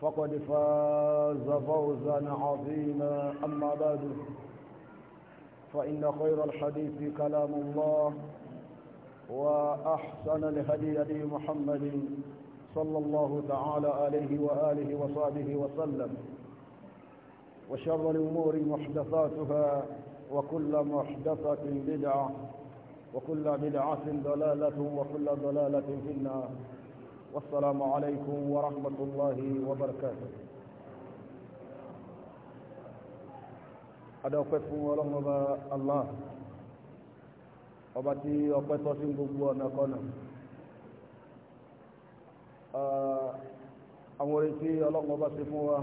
فقد فاز فوزا عظيما أما بعد فإن خير الحديث كلام الله وأحسن الهدي هدي محمد صلى الله تعالى عليه وآله وصحبه وسلم وشر الأمور محدثاتها وكل محدثة بدعة وكل بدعة ضلالة وكل ضلالة في النار والسلام عليكم ورحمة الله وبركاته adọ́pẹ́ fún ọlọ́mọba allah ọba tí ọpẹ́ tọ́ sí gbogbo ọ̀nà kọ́nà àwọn orí tí ọlọ́mọba sí fún wa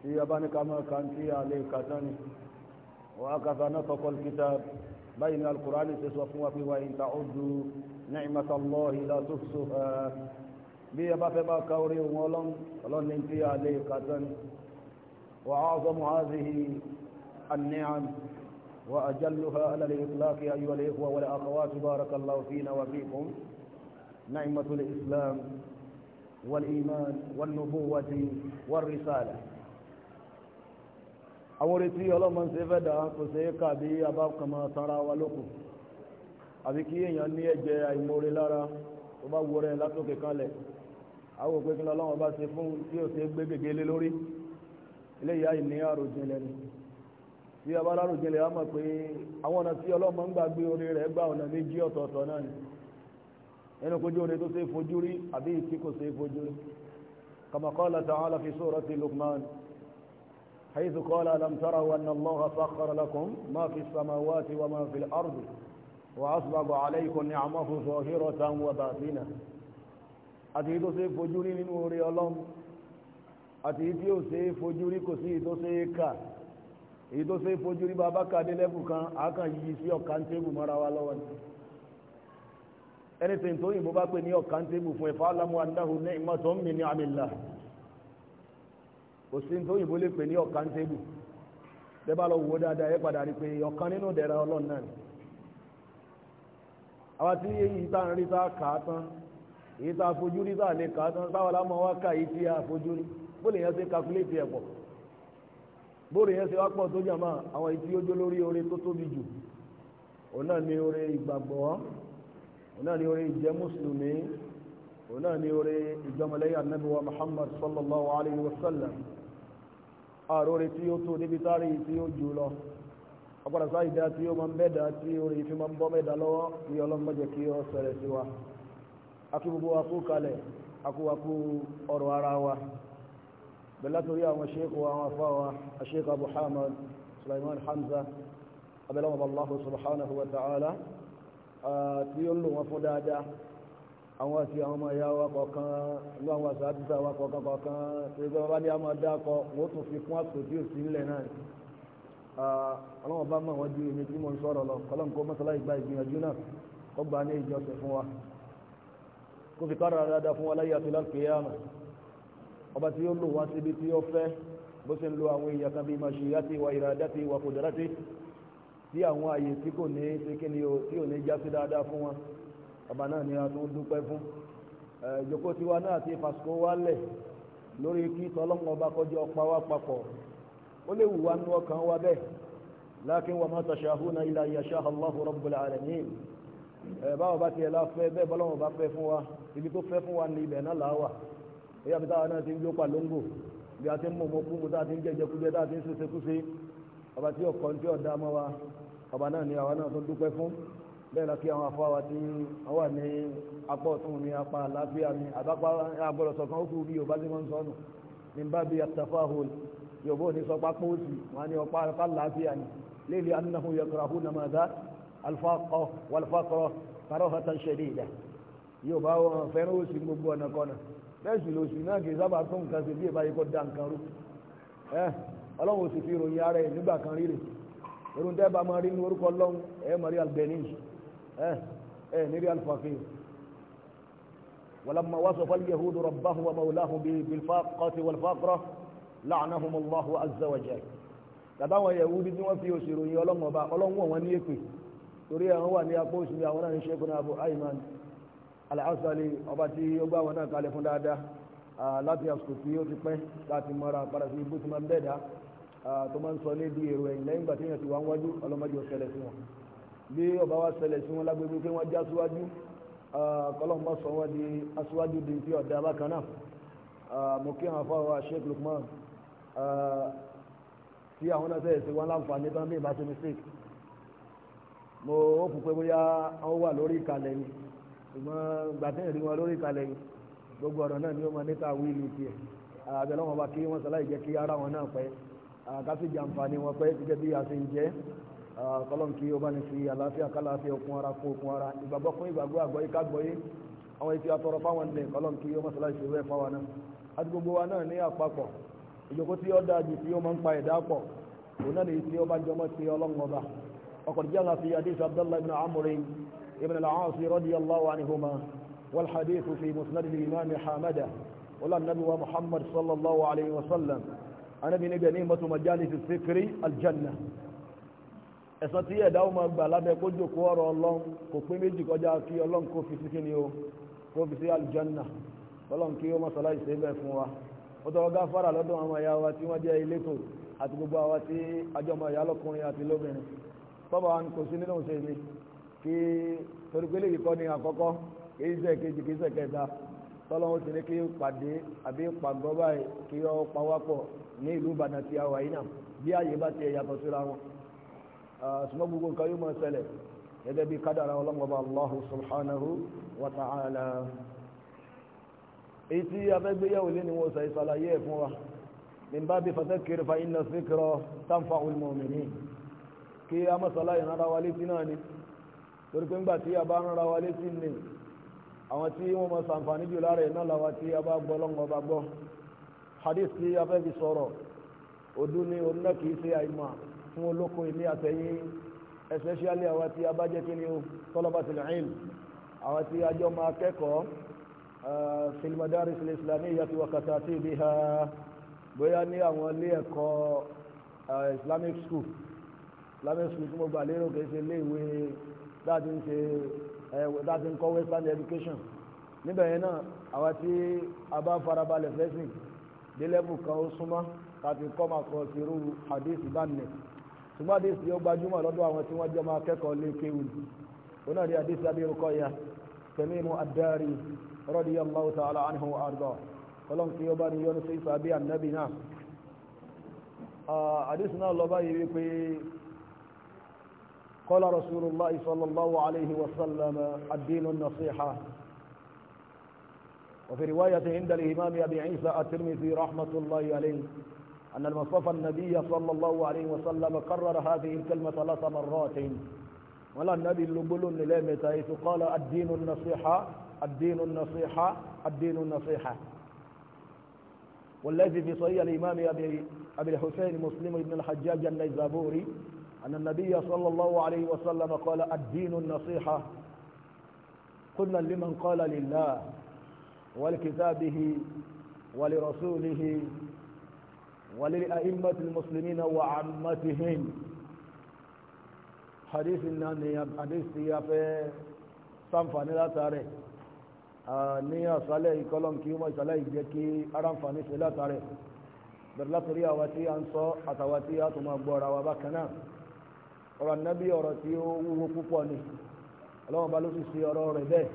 tí a bá ní ká mọ́ kan tí a lè kà tán ni wọ́n á kàfà náà kọ́kọ́ kíta báyìí ní alukùránì ti sọ fún wa pé wáyé ń ta ó du نعمه الله لا تحصها بي ابا ما كوري ومولم الله ننتي عليه قدن وعظم هذه النعم واجلها على الاطلاق ايها الاخوه والاخوات بارك الله فينا وفيكم نعمه الاسلام والايمان والنبوه والرساله awore ti olomo nse fẹ da kò sí kàbí abákan ma àbí kí èèyàn ní ẹ̀jẹ̀ àìmoore lára tó bá wọ rẹ̀ látòkè kalẹ̀ àwọn òpin kí lọ́wọ́ bá ṣe fún tí ò ṣe gbé gègé lé lórí eléyìí àìní àròjinlẹ̀ ni tí a bá láròjinlẹ̀ á mọ̀ pé àwọn ọ̀nà tí ọlọ́mọ ń gbàgbé orí rẹ̀ gba ọ̀nà méjì ọ̀tọ̀ọ̀tọ̀ náà ni nínú kojú orí tó ṣe fojú rí àbí ìtí kò ṣe fojú rí kama qala ta'ala fi surati Luqman haythu qala alam taraw anna Allaha sakhkhara lakum ma fi as-samawati wa ma fi al وأسبغ عليكم نعمه ظاهرة وباطنة àti tó ṣe fojú rí nínú orí ọlọ́run àti tí ó ṣe fojú rí kò sí ìtó ṣe é kà èyí tó ṣe fojú rí bàbá kàdé lẹ́bù kan àákàn yìí sí tó yìnbó bá pè ní ọ̀kántébù fún ẹ̀fà alámú andáhù ní ìmọ̀tọ́ mi ní amìlá kò sí tó yìnbó lè pè ní ọ̀kántébù tẹ́ bá lọ wò dáadáa ẹ padà rí pé ọ̀kan nínú dẹ̀ra ọlọ́run náà ni àwọn tí èyí tá ń rí tá kà á tán èyí tá fojú rí tá lè kà á tán táwọn lámọ wá kà yìí tí a fojú rí bó lè yẹn ṣe kakuléètì ẹ̀ pọ̀ bó lè yẹn ṣe wá pọ̀ tó jàmá àwọn èyí tí ó jó lórí oore tó tóbi jù òun náà ni oore ìgbàgbọ́ òun náà ni oore ìjẹ́ mùsùlùmí òun náà ni oore ìjọmọlẹ́yìn Ànábì wa Muhammad sallallahu alayhi wa sallam àròrè tí ó tó níbi tárí tí ó jù lọ ọgbọ́dọ̀ sáà ìdá tí ó máa ń bẹ́ẹ̀dá tí orí fi máa ń bọ́ mẹ́ẹ̀dá lọ́wọ́ kí ọlọ́mọdé kí ó sọ̀rẹ̀ sí wa akíbùbù akú kalẹ̀ akúwakú ọ̀rọ̀ ara wa bẹ̀látorí àwọn sheikh wa àwọn afá wa sheikh abu hamad sulaiman hamza abẹ́lẹ́wọ̀n allahu subhanahu wa ta'ala tí ó ń lò wọn fún dáadáa àwọn àti àwọn ọmọ ìyá wa kọ̀ọ̀kan ló àwọn àṣà àdúgbò wa kọ̀ọ̀kan kọ̀ọ̀kan tó yẹ kí wọ́n bá ní àmọ́ dáa ọlọ́wọ́n bá mọ̀ wọ́n ju èmi tí mo ń sọ̀rọ̀ lọ kọ́lọ́n kó mọ́sálá ìgbà ìgbìyànjú náà kó gbà ní ìjọsìn fún wa kó fi kára dáadáa fún wa láyé ọba tí ó lò wá síbi tí ó fẹ́ bó lo àwọn èèyàn kan bíi mashiyati ti iradati wa àwọn àyè tí kò ní ṣe kí ni tí fún wa ọba náà ni a tún dúpẹ́ fún ìjókòó tiwa náà ti fàṣkó wálẹ̀ lórí kí tọ́lọ́mọba kọjọ pa wá papọ̀ ó lè wùwá nú ọkàn wa bẹ́ẹ̀ lákín wa máa tashahuna illa yasha Allahu rabbul alamin ẹ̀ báwo bá tiẹ̀ la fẹ́ bẹ́ẹ̀ bọ́lọ́wọ́ bá fẹ́ fún wa ibi tó fẹ́ fún wa ní ibẹ̀ náà làá wà èyí àbí táwa náà ti ń jó palóńgò bí a ti ń mọ̀mọ́ kú mu tá a ti ń jẹjẹ kújẹ tá ti ń ṣe ṣekúṣe ọba tí ọkàn tí ọ̀dá mọ́ wa ọba náà ni àwa náà tó dúpẹ́ fún bẹ́ẹ̀ la kí àwọn afọ wa ti wà ní apá ọ̀tún mi apá àlàáfíà mi àbápá agbọ́dọ̀ ó kú bí Yorùbá ti máa ń sọ ní bá bí atafahul يبوني سوى قوسي واني وقال قال لعفي يعني ليه لأنه يكرهون ماذا الفاقه والفقرة كرهة شديدة يباو فنوسي مبوانا كونه بس لوسي ناكي زبا كون كاسي بيبا يكون دان كارو اه الله وسفيرو ياري نبا كان ريلي يرون تبا مارين ورقو اللهم ايه اه ماري البنيش اه اه نري الفقير ولما وصف اليهود ربه ومولاه بالفاقة والفقرة láàánahùn allahu azawajẹ tàbáwọn yahudi tí wọ́n fi òṣèrò yìí ọlọ́run ọba ọlọ́run wọn ní èpè torí àwọn wà ní apó oṣù bí àwọn náà ní ṣẹ́gun abu ayman alhassani ọba tí ó gbá wọn náà kalẹ̀ fún dáadáa láti àsìkò tí ó ti pẹ́ láti mọ́ra padà sí ibú tí máa ń bẹ̀dá tó máa ń sọ ní bí èrò ẹ̀yìn lẹ́yìn ìgbà tí èèyàn ti wá ń wájú ọlọ́mọdé ò ṣẹlẹ̀ wọn bí tí àwọn náà fẹ́ ṣe wọn láǹfààní tán bí ìbá ṣe mistake mo ó kù pé bóyá wọn wà lórí ìkàlẹ̀ yìí ṣùgbọ́n gbàtẹ́ ìrí wọn lórí ìkàlẹ̀ yìí gbogbo ọ̀rọ̀ náà ni ó máa níta wíìlì tiẹ̀ àbẹ̀lẹ́ wọn bá kí wọ́n sọláì jẹ́ kí ara wọn náà pẹ́ àkásí jàǹfààní wọn pẹ́ gẹ́gẹ́ bí a ṣe ń jẹ́ kọ́lọ́n kí ó bá ní fi àlàáfíà kálàáfíà okun ara kó okun ara ìgbàgbọ́ fún ìgbàgbọ́ àgbọ́yé kágbọ́yé àwọn ètò àtọrọ fáwọn ẹ̀ kọ́lọ́n kí ó mọ̀ sọláì ṣe wẹ́ fáwọn náà àti gbogbo wa náà ní ìjókòó tí ó dáa jù tí ó máa ń pa ẹ̀dá pọ̀ òun náà lèyí tí ó bá jọmọ́ sí ọlọ́run ọba ọkọ̀ jẹ́la fi hadith abdullah ibn amri ibn al-aas radiyallahu anhuma wal hadith fi musnad al-imam hamada wala nabi wa muhammad sallallahu alayhi wa sallam anabi ni ganimatu majalis al-fikri al-janna ẹ̀san tí ẹ̀dá ó máa gbà lábẹ́ kó jòkó ọ̀rọ̀ ọlọ́run kò pé méjì kọjá kí ọlọ́run kó fi sí kí ni o kó fi sí al-janna kí ó mọ́ sọlá ìṣẹ́ fún wa ó tọrọ gáfárà lọ́dọ̀ àwọn ẹ̀yà wa tí wọ́n jẹ́ ilétò àti gbogbo àwa tí ajọmọ ẹ̀yà lọ́kùnrin àti lóbìnrin bọ́bà wa kò sí nínú ṣe mi kí torí pé léyìí kọ́ ni àkọ́kọ́ kì í ṣe kejì kì í ṣe kẹta tọ́lọ́wọ́ sì ní kí pàdé àbí pàgọ́ báyìí kí ó pawápọ̀ ní ìlú Ìbàdàn Allahu subhanahu wa ta'ala èyí tí afẹ́gbéyàwó lé ni wọ́n sọ ìsàlàyé ẹ̀ fún wa min babi fadhakkir fa inna dhikra tanfa'ul mu'minin kí a mọ́sálá ìrànra wa létí náà ni torí pé ńgbà tí a bá rànra wa létí ni àwọn tí wọ́n mọ̀ sàǹfààní jù lára iná làwa tí a bá gbọ́ lọ́ngọ́ bá gbọ́ hadith tí a fi sọ̀rọ̀ òdu ni òun náà kìí ṣe àìmọ̀ fún olóko ilé àtẹ̀yìn especially àwa tí a bá jẹ́ kí ni o talabatul ilm في المدارس الإسلامية وكتاتيبها bóyá ní àwọn ilé ẹ̀kọ́ Islamic school Islamic school tí mo gbà lérò kìí ṣe ilé ìwé láti ń ṣe láti ń kọ́ Western education níbẹ̀ yẹn náà àwa tí a bá farabalẹ̀ fẹ́sìn délẹ́bù kan ó súnmọ́ láti kọ́ máa kọ́ sí irú hadith ìbánilẹ̀ ṣùgbọ́n hadith yóò gbajúmọ̀ lọ́dọ̀ àwọn tí wọ́n jọ máa kẹ́kọ̀ọ́ lé kéwù ó náà rí hadith Abi Ruqayyah Tamimu ad-Dari رضي الله تعالى عنه وارضاه قالوا في ó يونس في yọ́nú النبي نا آه، حديثنا ànábì باي àdísì قال رسول الله صلى الله عليه وسلم الدين النصيحه وفي رواية عند الإمام أبي عيسى الترمذي رحمة الله عليه أن المصطفى النبي صلى الله عليه وسلم قرر هذه الكلمة ثلاث مرات ولا النبي اللبل للمتى قال الدين النصيحة الدين النصيحة الدين النصيحة والذي في صحيح الإمام أبي, أبي الحسين مسلم بن الحجاج النيزابوري أن النبي صلى الله عليه وسلم قال الدين النصيحة قلنا لمن قال لله ولكتابه ولرسوله وللأئمة المسلمين وعامتهم حديث الناني حديث يافي سنفاني نلا تاريخ ní àṣálẹ̀ ìkọlọ́m kí wọ́n ìṣálẹ̀ ìjẹ́ kí aráǹfààní ṣe látàrẹ̀ bẹ̀rẹ̀ látòrí àwa tí a ń sọ àtàwà tí a tó máa gbọ́ ara wa bákan náà ọ̀rọ̀ nábì ọ̀rọ̀ tí ó wúwo púpọ̀ ni ọlọ́wọ́n bá ló sì ṣe ọ̀rọ̀ rẹ̀ bẹ́ẹ̀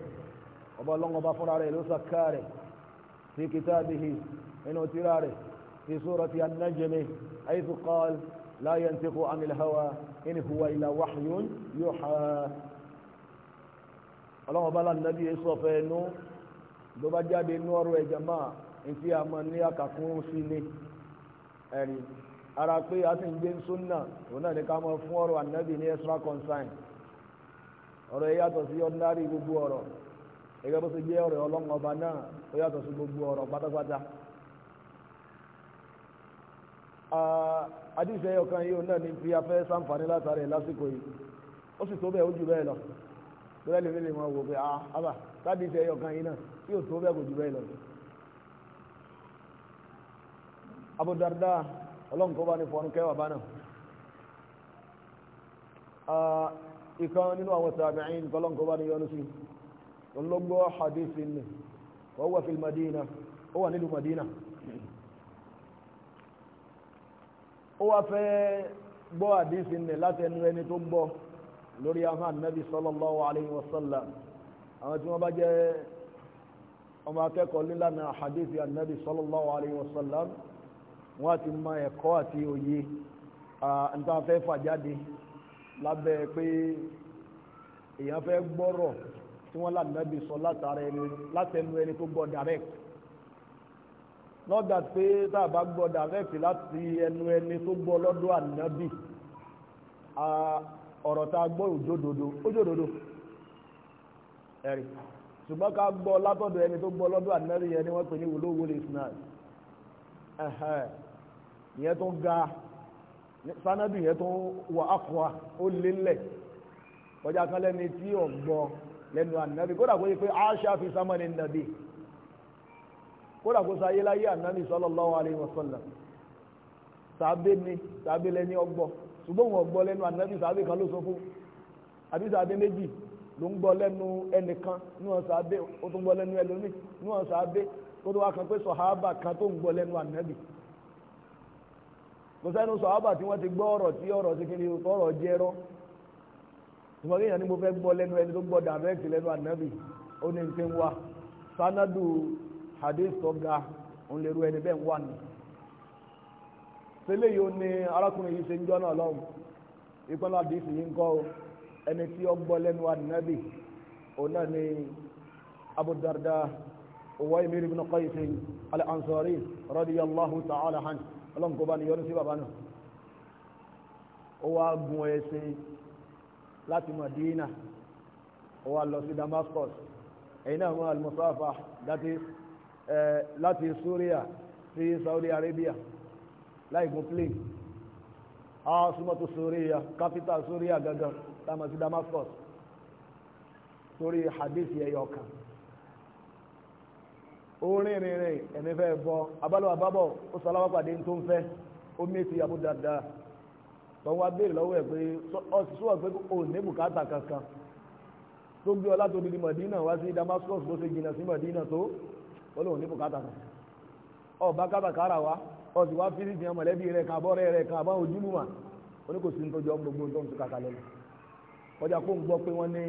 ọba ọlọ́wọ́n bá fúnra rẹ̀ ló sàkà rẹ̀ fi kitabihi nínú tírà rẹ̀ fi surati an-najmi haythu qala la yantiqu anil hawa ọlọ́run bá láti nàbí èso ọ̀fẹ́ ẹnu ló bá jáde inú ọ̀rọ̀ ẹ̀jẹ̀ máa ntí a mọ̀ ní àkàkùn sí ni ara pé a sì ń gbé súnà òun náà ní ká mọ̀ fún ọ̀rọ̀ ànábì ní extra concern ọ̀rọ̀ yìí yàtọ̀ sí ordinary gbogbo bó ṣe ọba náà ó yàtọ̀ sí gbogbo pátápátá. yìí òun náà ní fi afẹ́ látàrí lásìkò yìí ó sì tó bẹ́ẹ̀ ó jù bẹ́ẹ̀ lọ. lọ́wọ́ lè fẹ́lẹ̀ wọn wò pé ah abà sábì tẹ ẹyọkan yìí náà yóò tó bẹ́ẹ̀ kò jù bẹ́ẹ̀ lọ. Abu Darda ọlọ́run kó bá ní fọ́nù kẹwàá bá náà ah, ìkan nínú àwọn tàbí'in kọlọ́n kó bá ní yọnu sí olóngbó hadith ni wọ́n lórí ahọ́n anabi sallallahu alayhi wa sallam àwọn tí wọ́n bá jẹ́ ọmọ akẹ́kọ̀ọ́ nílànà àhàdífi anabi sallallahu alayhi wa sallam wọ́n ti mọ ẹ̀kọ́ àti òye nǹkan fẹ́ fàjáde lábẹ́ pé èèyàn fẹ́ gbọ́rọ̀ tí wọ́n lànàbí sọ látẹnu ẹni tó gbọ́ ọ̀rọ̀ tá a gbọ́ òjódodo òjódodo ẹ̀rí ṣùgbọ́n ká gbọ́ látọ̀dọ̀ ẹni tó gbọ́ lọ́dọ̀ ànẹ́rì yẹn ni wọ́n pè ní wòlówó lè sinà ìyẹn tó ga sanadu yẹn tó wà ákùá ó lélẹ̀ kọjá kan lẹ́ni tí ò gbọ́ lẹ́nu ànẹ́rì kódà kó yẹ pé aṣa fi sámánì nàbí kódà kó sa ayélujáyé sallallahu alaihi wasallam tàbí ni tàbí lẹ́ni ọgbọ́n ṣùgbọ́n wọn gbọ́ lẹ́nu ànábì sàbẹ kan ló sọ fún àbí sàbẹ méjì ló ń gbọ́ lẹ́nu ẹnìkan níwọn sàbẹ ó tún gbọ́ lẹ́nu ẹlòmíì níwọn sàbẹ ó tún wá kan pé sọhábà kan tó ń gbọ́ lẹ́nu ànábì kò sẹ́nu sọhábà tí wọ́n ti gbọ́ ọ̀rọ̀ tí ọ̀rọ̀ sí kiri ọ̀rọ̀ jẹ́rọ́ ṣùgbọ́n kéèyàn ni mo fẹ́ gbọ́ lẹ́nu ẹni tó gbọ́ direct lẹ́nu ànábì ó ní n ti ń wa sanadu hadith tó ga òun lè ru ẹni tẹ́lẹ̀ yìí ó ní arákùnrin yìí ṣe ń jọ́ náà lọ́hùn ìpínlẹ̀ àdìsí yìí ń kọ́ o ẹni tí ó gbọ́ lẹ́nu ànábì òun náà ni Abu Darda Uwaymir ibn Qais al-Ansari radiyallahu ta'ala anhu ọlọ́run kó bá ní yọ́nú sí bàbá náà ó wá gun ẹṣin láti Madina ó wá lọ sí Damascus ẹ̀yìn náà wọn al-musafa eh, láti Syria sí Saudi Arabia láì gun plane àwọn súnmọ́ tó Syria capital Syria gangan táwọn sí Damascus torí hadith ẹyọ kan orin rìnrìn ẹ̀mí fẹ́ bọ́ abálọ́ àbábọ̀ o sọláwọ́ pàdé tó ń fẹ́ o mẹ́sì Abu Darda tọ́wọ́ wá béèrè lọ́wọ́ ẹ̀ pé di Madina Damascus Madina wa. ọ̀sì wá fíìsì mọ̀lẹ́bí rẹ̀ kàbọ́rẹ́ rẹ̀ kàbá ojúlùmọ̀ oníkòsí ń tọ́jú ọgbogbo tó ń tukàkà lẹ́nu kọjá kó ń gbọ́ pé wọ́n ní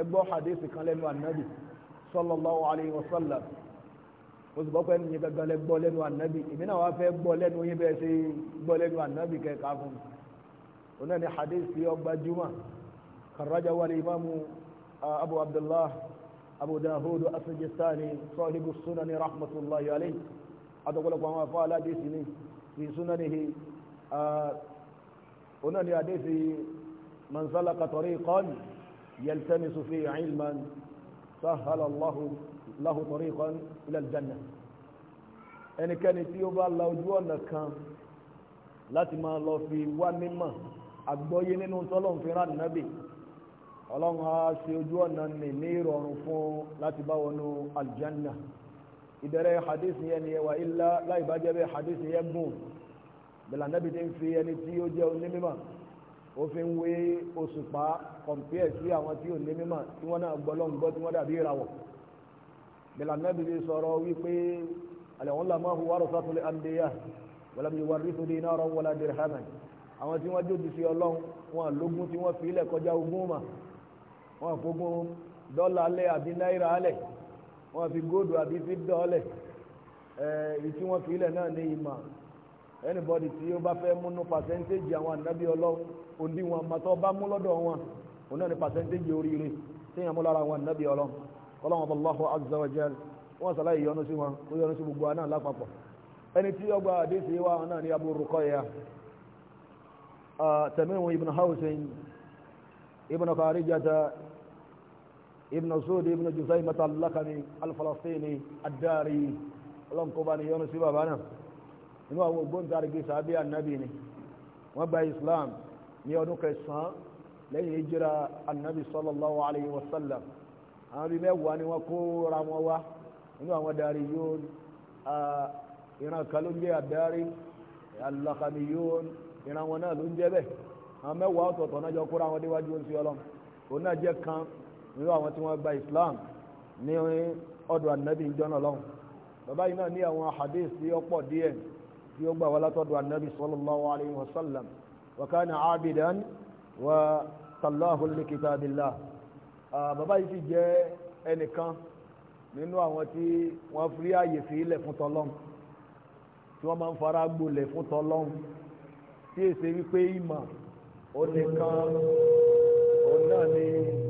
ẹgbọ́ hadith kan lẹ́nu ànábì sallallahu alayhi wa sallam ó sì gbọ́ pé ẹni yẹn gangan lẹ gbọ́ lẹ́nu ànábì èmi náà wá fẹ́ gbọ́ lẹ́nu yín bẹ́ẹ̀ ṣe gbọ́ lẹ́nu ànábì kẹ́ka fún mi òun hadith àtọ̀pọ̀lọpọ̀ àwọn afọ́ aládìsí ní fi súná ní he ọ̀nà ni àdìsí man salaka tariqan yaltamisu fi ilman sahala Allahu lahu tariqan ila aljanna ẹnikẹ́ni tí ó bá la ojú ọ̀nà kan láti máa lọ ọlọ́run á ṣe ojú ọ̀nà nì ní ìrọ̀rùn fún láti bá wọnú aljanna ìbẹ̀rẹ̀ hadith yẹn ni ẹwà ilá láì bá jẹ́ bẹ́ẹ̀ hadith yẹn gùn bẹ̀lẹ̀ anábì ti ń fi ẹni tí ó jẹ́ onímọ̀ ó fi ń wé òṣùpá compare sí àwọn tí onímọ̀ tí wọ́n náà gbọ́ lọ́n gbọ́ tí wọ́n dàbí ìràwọ̀ bẹ̀lẹ̀ anábì ti sọ̀rọ̀ wípé àlẹ́wọ̀n làmọ́ hu wàrọ̀ sátúlẹ̀ àndéyà wàlámi wàrí tó di iná ọ̀rọ̀ wọlá dèrè hàmẹ́ àwọn tí wọ́n jóde sí ọlọ́run wọn lógún tí wọ́n fi wọ́n fi góòdù àbí fi dọ́ọ̀lẹ̀ èyí tí wọ́n fi ilẹ̀ náà ní ìmọ̀ anybody tí ó bá fẹ́ múnú pàṣẹ́ntéèjì àwọn ànábì ọlọ́run òní wọn màtọ́ bá mú lọ́dọ̀ wọn òun náà ní pàṣẹ́ntéèjì oríire tí yàn mú lára àwọn ànábì ọlọ́run kọ́lọ́wọ́n bá Allahu azza wa jal wọ́n sàlàyé yọ́nú sí wọn ó yọ́nú sí gbogbo àná lápapọ̀ ẹni tí ọgbà àdéhìí wa náà ní Abu Ruqayya Tamimu ibn Hawsin ibn Kharijata ابن سود ابن جزيمة اللقمي الفلسطيني الداري اللهم قباني يونس بابانا inú àwọn ògbóǹtarìgì sàábí ànábì ni wọ́n gba islam ní ọdún kẹsàn-án lẹ́yìn ìjírà ànábì sallallahu alayhi wa sallam àwọn bí mẹ́wàá ni wọ́n kóra wọn wá inú àwọn darí yóò ìran kan ló ń jẹ́ yóò ìran wọn náà ló ń jẹ́ bẹ́ẹ̀ àwọn mẹ́wàá ọ̀tọ̀ọ̀tọ̀ náà jọ kóra wọn déwájú oṣù ọlọ́m òun náà jẹ́ kan nínú àwọn tí wọ́n gba Islam ní ọ̀dọ̀ ànábì ìjọ́nà lọ́hùn bàbá yìí náà ní àwọn hadith tí ó pọ̀ díẹ̀ tí ó gbà wá látọ̀dọ̀ ànábì sallallahu alayhi wa sallam wa kana abidan wa sallahu li kitabillah bàbá yìí sì jẹ́ ẹnìkan nínú àwọn tí wọ́n fi ààyè sí ilẹ̀ fún tọ́lọ́m tí wọ́n máa ń fara gbolẹ̀ fún tọ́lọ́m tí èsè wípé ìmọ̀ ó nìkan òun náà ni.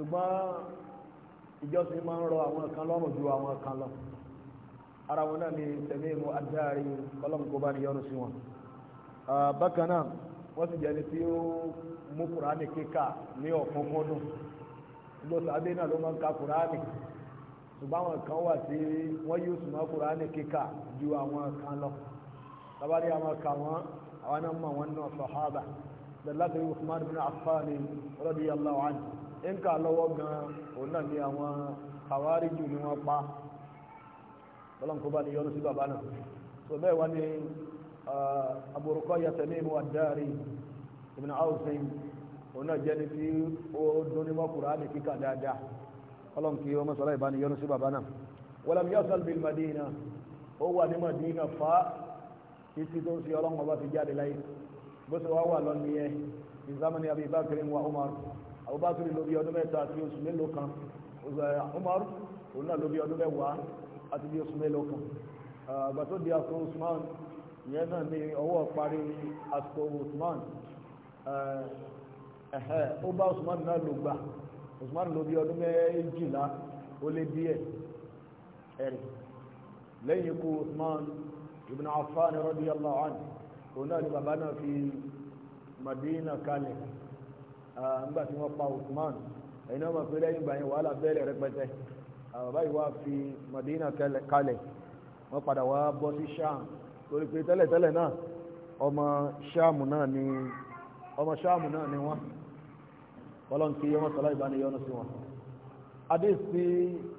ṣùgbọ́n ìjọsìn máa ń rọ àwọn kan lọ́rùn ju àwọn kan lọ ara wọn náà ni tẹ̀mí mu adáàrí kọ́lọ́mù kó bá ní yọrù sí wọn. bákan náà wọ́n sì jẹ́ni tí ó mú kùránì kíkà ní ọ̀kúnkúndùn lọ́sọ̀ abẹ́ náà ló máa ń ka kùránì ṣùgbọ́n àwọn kan wà tí wọ́n yóò sùn mọ́ kùránì kíkà ju àwọn kan lọ. tabari àwọn kan wọn àwọn náà mọ̀ wọn náà sàhábà lọ́lá tó yẹ Usman bin Affan radiyallahu anhu ń kà lọ́wọ́ gan òun náà ní àwọn àwáríjù ni wọ́n pa ọlọ́nkó bá ní yọnu sí bàbá náà so bẹ́ẹ̀ wá ní Abu Ruqayyah Tamim ad-Dari ibn Aws òun náà jẹ́ ní tí ó dún ní mọ́kùnrin á ní kíkà dáadáa ọlọ́nkí ọmọ sọ̀rọ̀ ìbá ní yọnu sí bàbá náà walam yasal bil Madina ó wà ní Madina fa títí tó ń fi ọlọ́nkọ̀ bá ti jáde láyé bó ṣe wá wà lọ́nìyẹn ìzámẹ́ni Abi Bakr wa Umar Abubakar ló bí ọdún mẹ́ta àti oṣù mélòó kan eh, Umar òun náà ló bí ọdún mẹ́wàá àti bí oṣù mélòó kan àgbà ah, tó di àsìkò Usman ìyẹn náà ní ọwọ́ parí àsìkò Usman eh, eh, ó bá Usman náà lò gbà Usman ló bí ọdún méjìlá ó lé díẹ̀ ẹ̀rì lẹ́yìn ikú Usman ibn Affan radiyallahu òun náà ni bàbá náà fi Madina kalẹ̀ Ah, nígbà tí wọ́n pa Usman ẹ̀yin náà mọ̀ pé lẹ́yìn ìgbà yẹn wàhálà bẹ́ẹ̀lẹ̀ rẹpẹtẹ bàbá ah, yìí fi Madina kalẹ̀ wọ́n padà wá bọ́ sí Sham torí pé tẹ́lẹ̀tẹ́lẹ̀ náà ọmọ Sham náà ni ọmọ Sham náà ni wọ́n wọ́n ti wọ́n sọ̀rọ̀ ìbániyọ́nù sí wọn. adé sí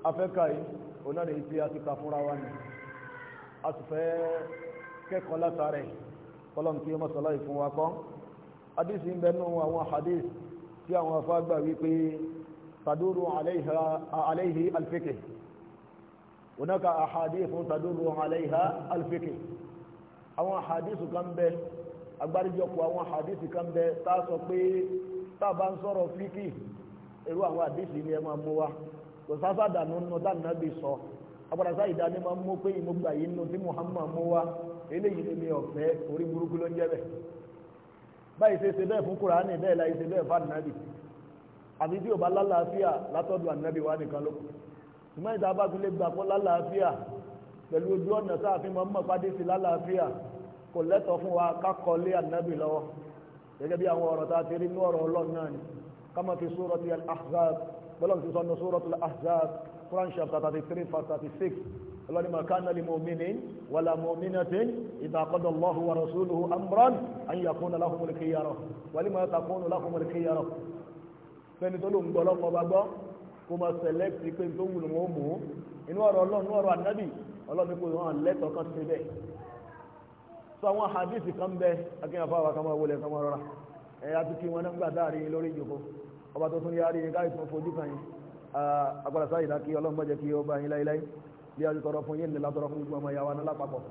afẹ́ka yìí onáni tí a ti ka fúnra wa ni a sì fẹ́ kẹ́kọ̀ọ́ látàrí kọ́lọ́n tí wọ́n sọ̀rọ̀ ìfún wa kọ́ hadith ń bẹnu àwọn hadith tí àwọn afágbà wípé tadúrú aláìhí alfikì onáka àhadith fún tadúrú aláìhá alfikì àwọn hadith kan bẹ agbáríjọpọ̀ àwọn hadith kan bẹ tá sọ pé tá bá ń sọ̀rọ̀ fíkì irú àwọn hadith ni ẹ máa mú wa kò sáfà dànù nù dánàbì sọ agbadasa ìdáni máa mú pé ìmúgbà yìí nù tí muhammad mú wa eléyìí ni mi ọ̀fẹ́ orí burúkú ló ń jẹ́ bẹ́ẹ̀ báyìí ṣe ṣe bẹ́ẹ̀ fún kùránì bẹ́ẹ̀ láyé ṣe bẹ́ẹ̀ fún ànábì àbí tí ò bá lálàáfíà látọ̀dọ̀ ànábì wa nìkan ló ṣùgbọ́n ìta bá fi lè gbà pọ́ lálàáfíà pẹ̀lú ojú ọ̀nà sáàfin mọ́ mọ́ pàdé sí lálàáfíà kò lẹ́tọ̀ fún wa kákọ̀ọ́lé ànábì lọ́wọ́ gẹ́gẹ́ bí àwọn ọ̀rọ̀ tá a ti rí ní ọ̀rọ̀ ọlọ́run náà ni kama ọlọ́ni ma kana li mu'minin wala mu'minatin idha qada Allahu wa rasuluhu amran an yakuna lahumul khiyara wa lima takunu lahumul khiyara fẹ́ni tó ló ń gbọ́ lọ́kọ̀ bá gbọ́ kó ma select pé tó wù lóun ó mú inú ọ̀rọ̀ ọlọ́run inú ọ̀rọ̀ ànábì ọlọ́run kò hàn lẹ́tọ̀ kan ṣe bẹ́ẹ̀ sọ àwọn hadithi kan bẹ akéwà fáwọn akamọ wọlé kan rọra bí a ti tọrọ fún yín nílá fún gbogbo ọmọ ìyàwó náà lápapọ̀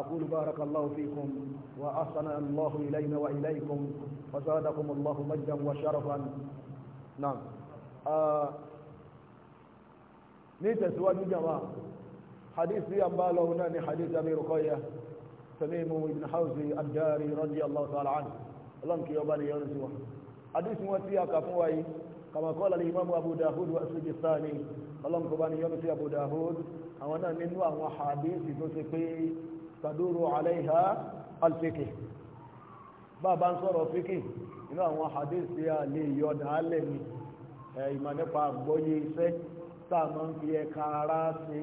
أقول بارك الله فيكم وأحسن الله إلينا وإليكم وزادكم الله مجدا وشرفا نعم ní tẹ̀síwájú jama hadith bí an bá lọ náà ni hadith abi ruqayyah tamimu ibn hawzi ad-dari radiyallahu ta'ala anhu ọlọ́n kí ọba ni yọrù síwá hadith wọn tí a kà fún wáyé kama qala al abu dahud wa as-sijistani ọlọ́n kọba ni yọrù sí abu dahud àwọn náà nínú àwọn hadithi tó ṣe pé tàdúrò aláìhá alfikì bàbá ń sọ̀rọ̀ fikì nínú àwọn hadithi a lè yọ dáálẹ̀ ni ìmọ̀ nípa àgbọ́yé iṣẹ́ táàmù ń fi ẹka ara ṣe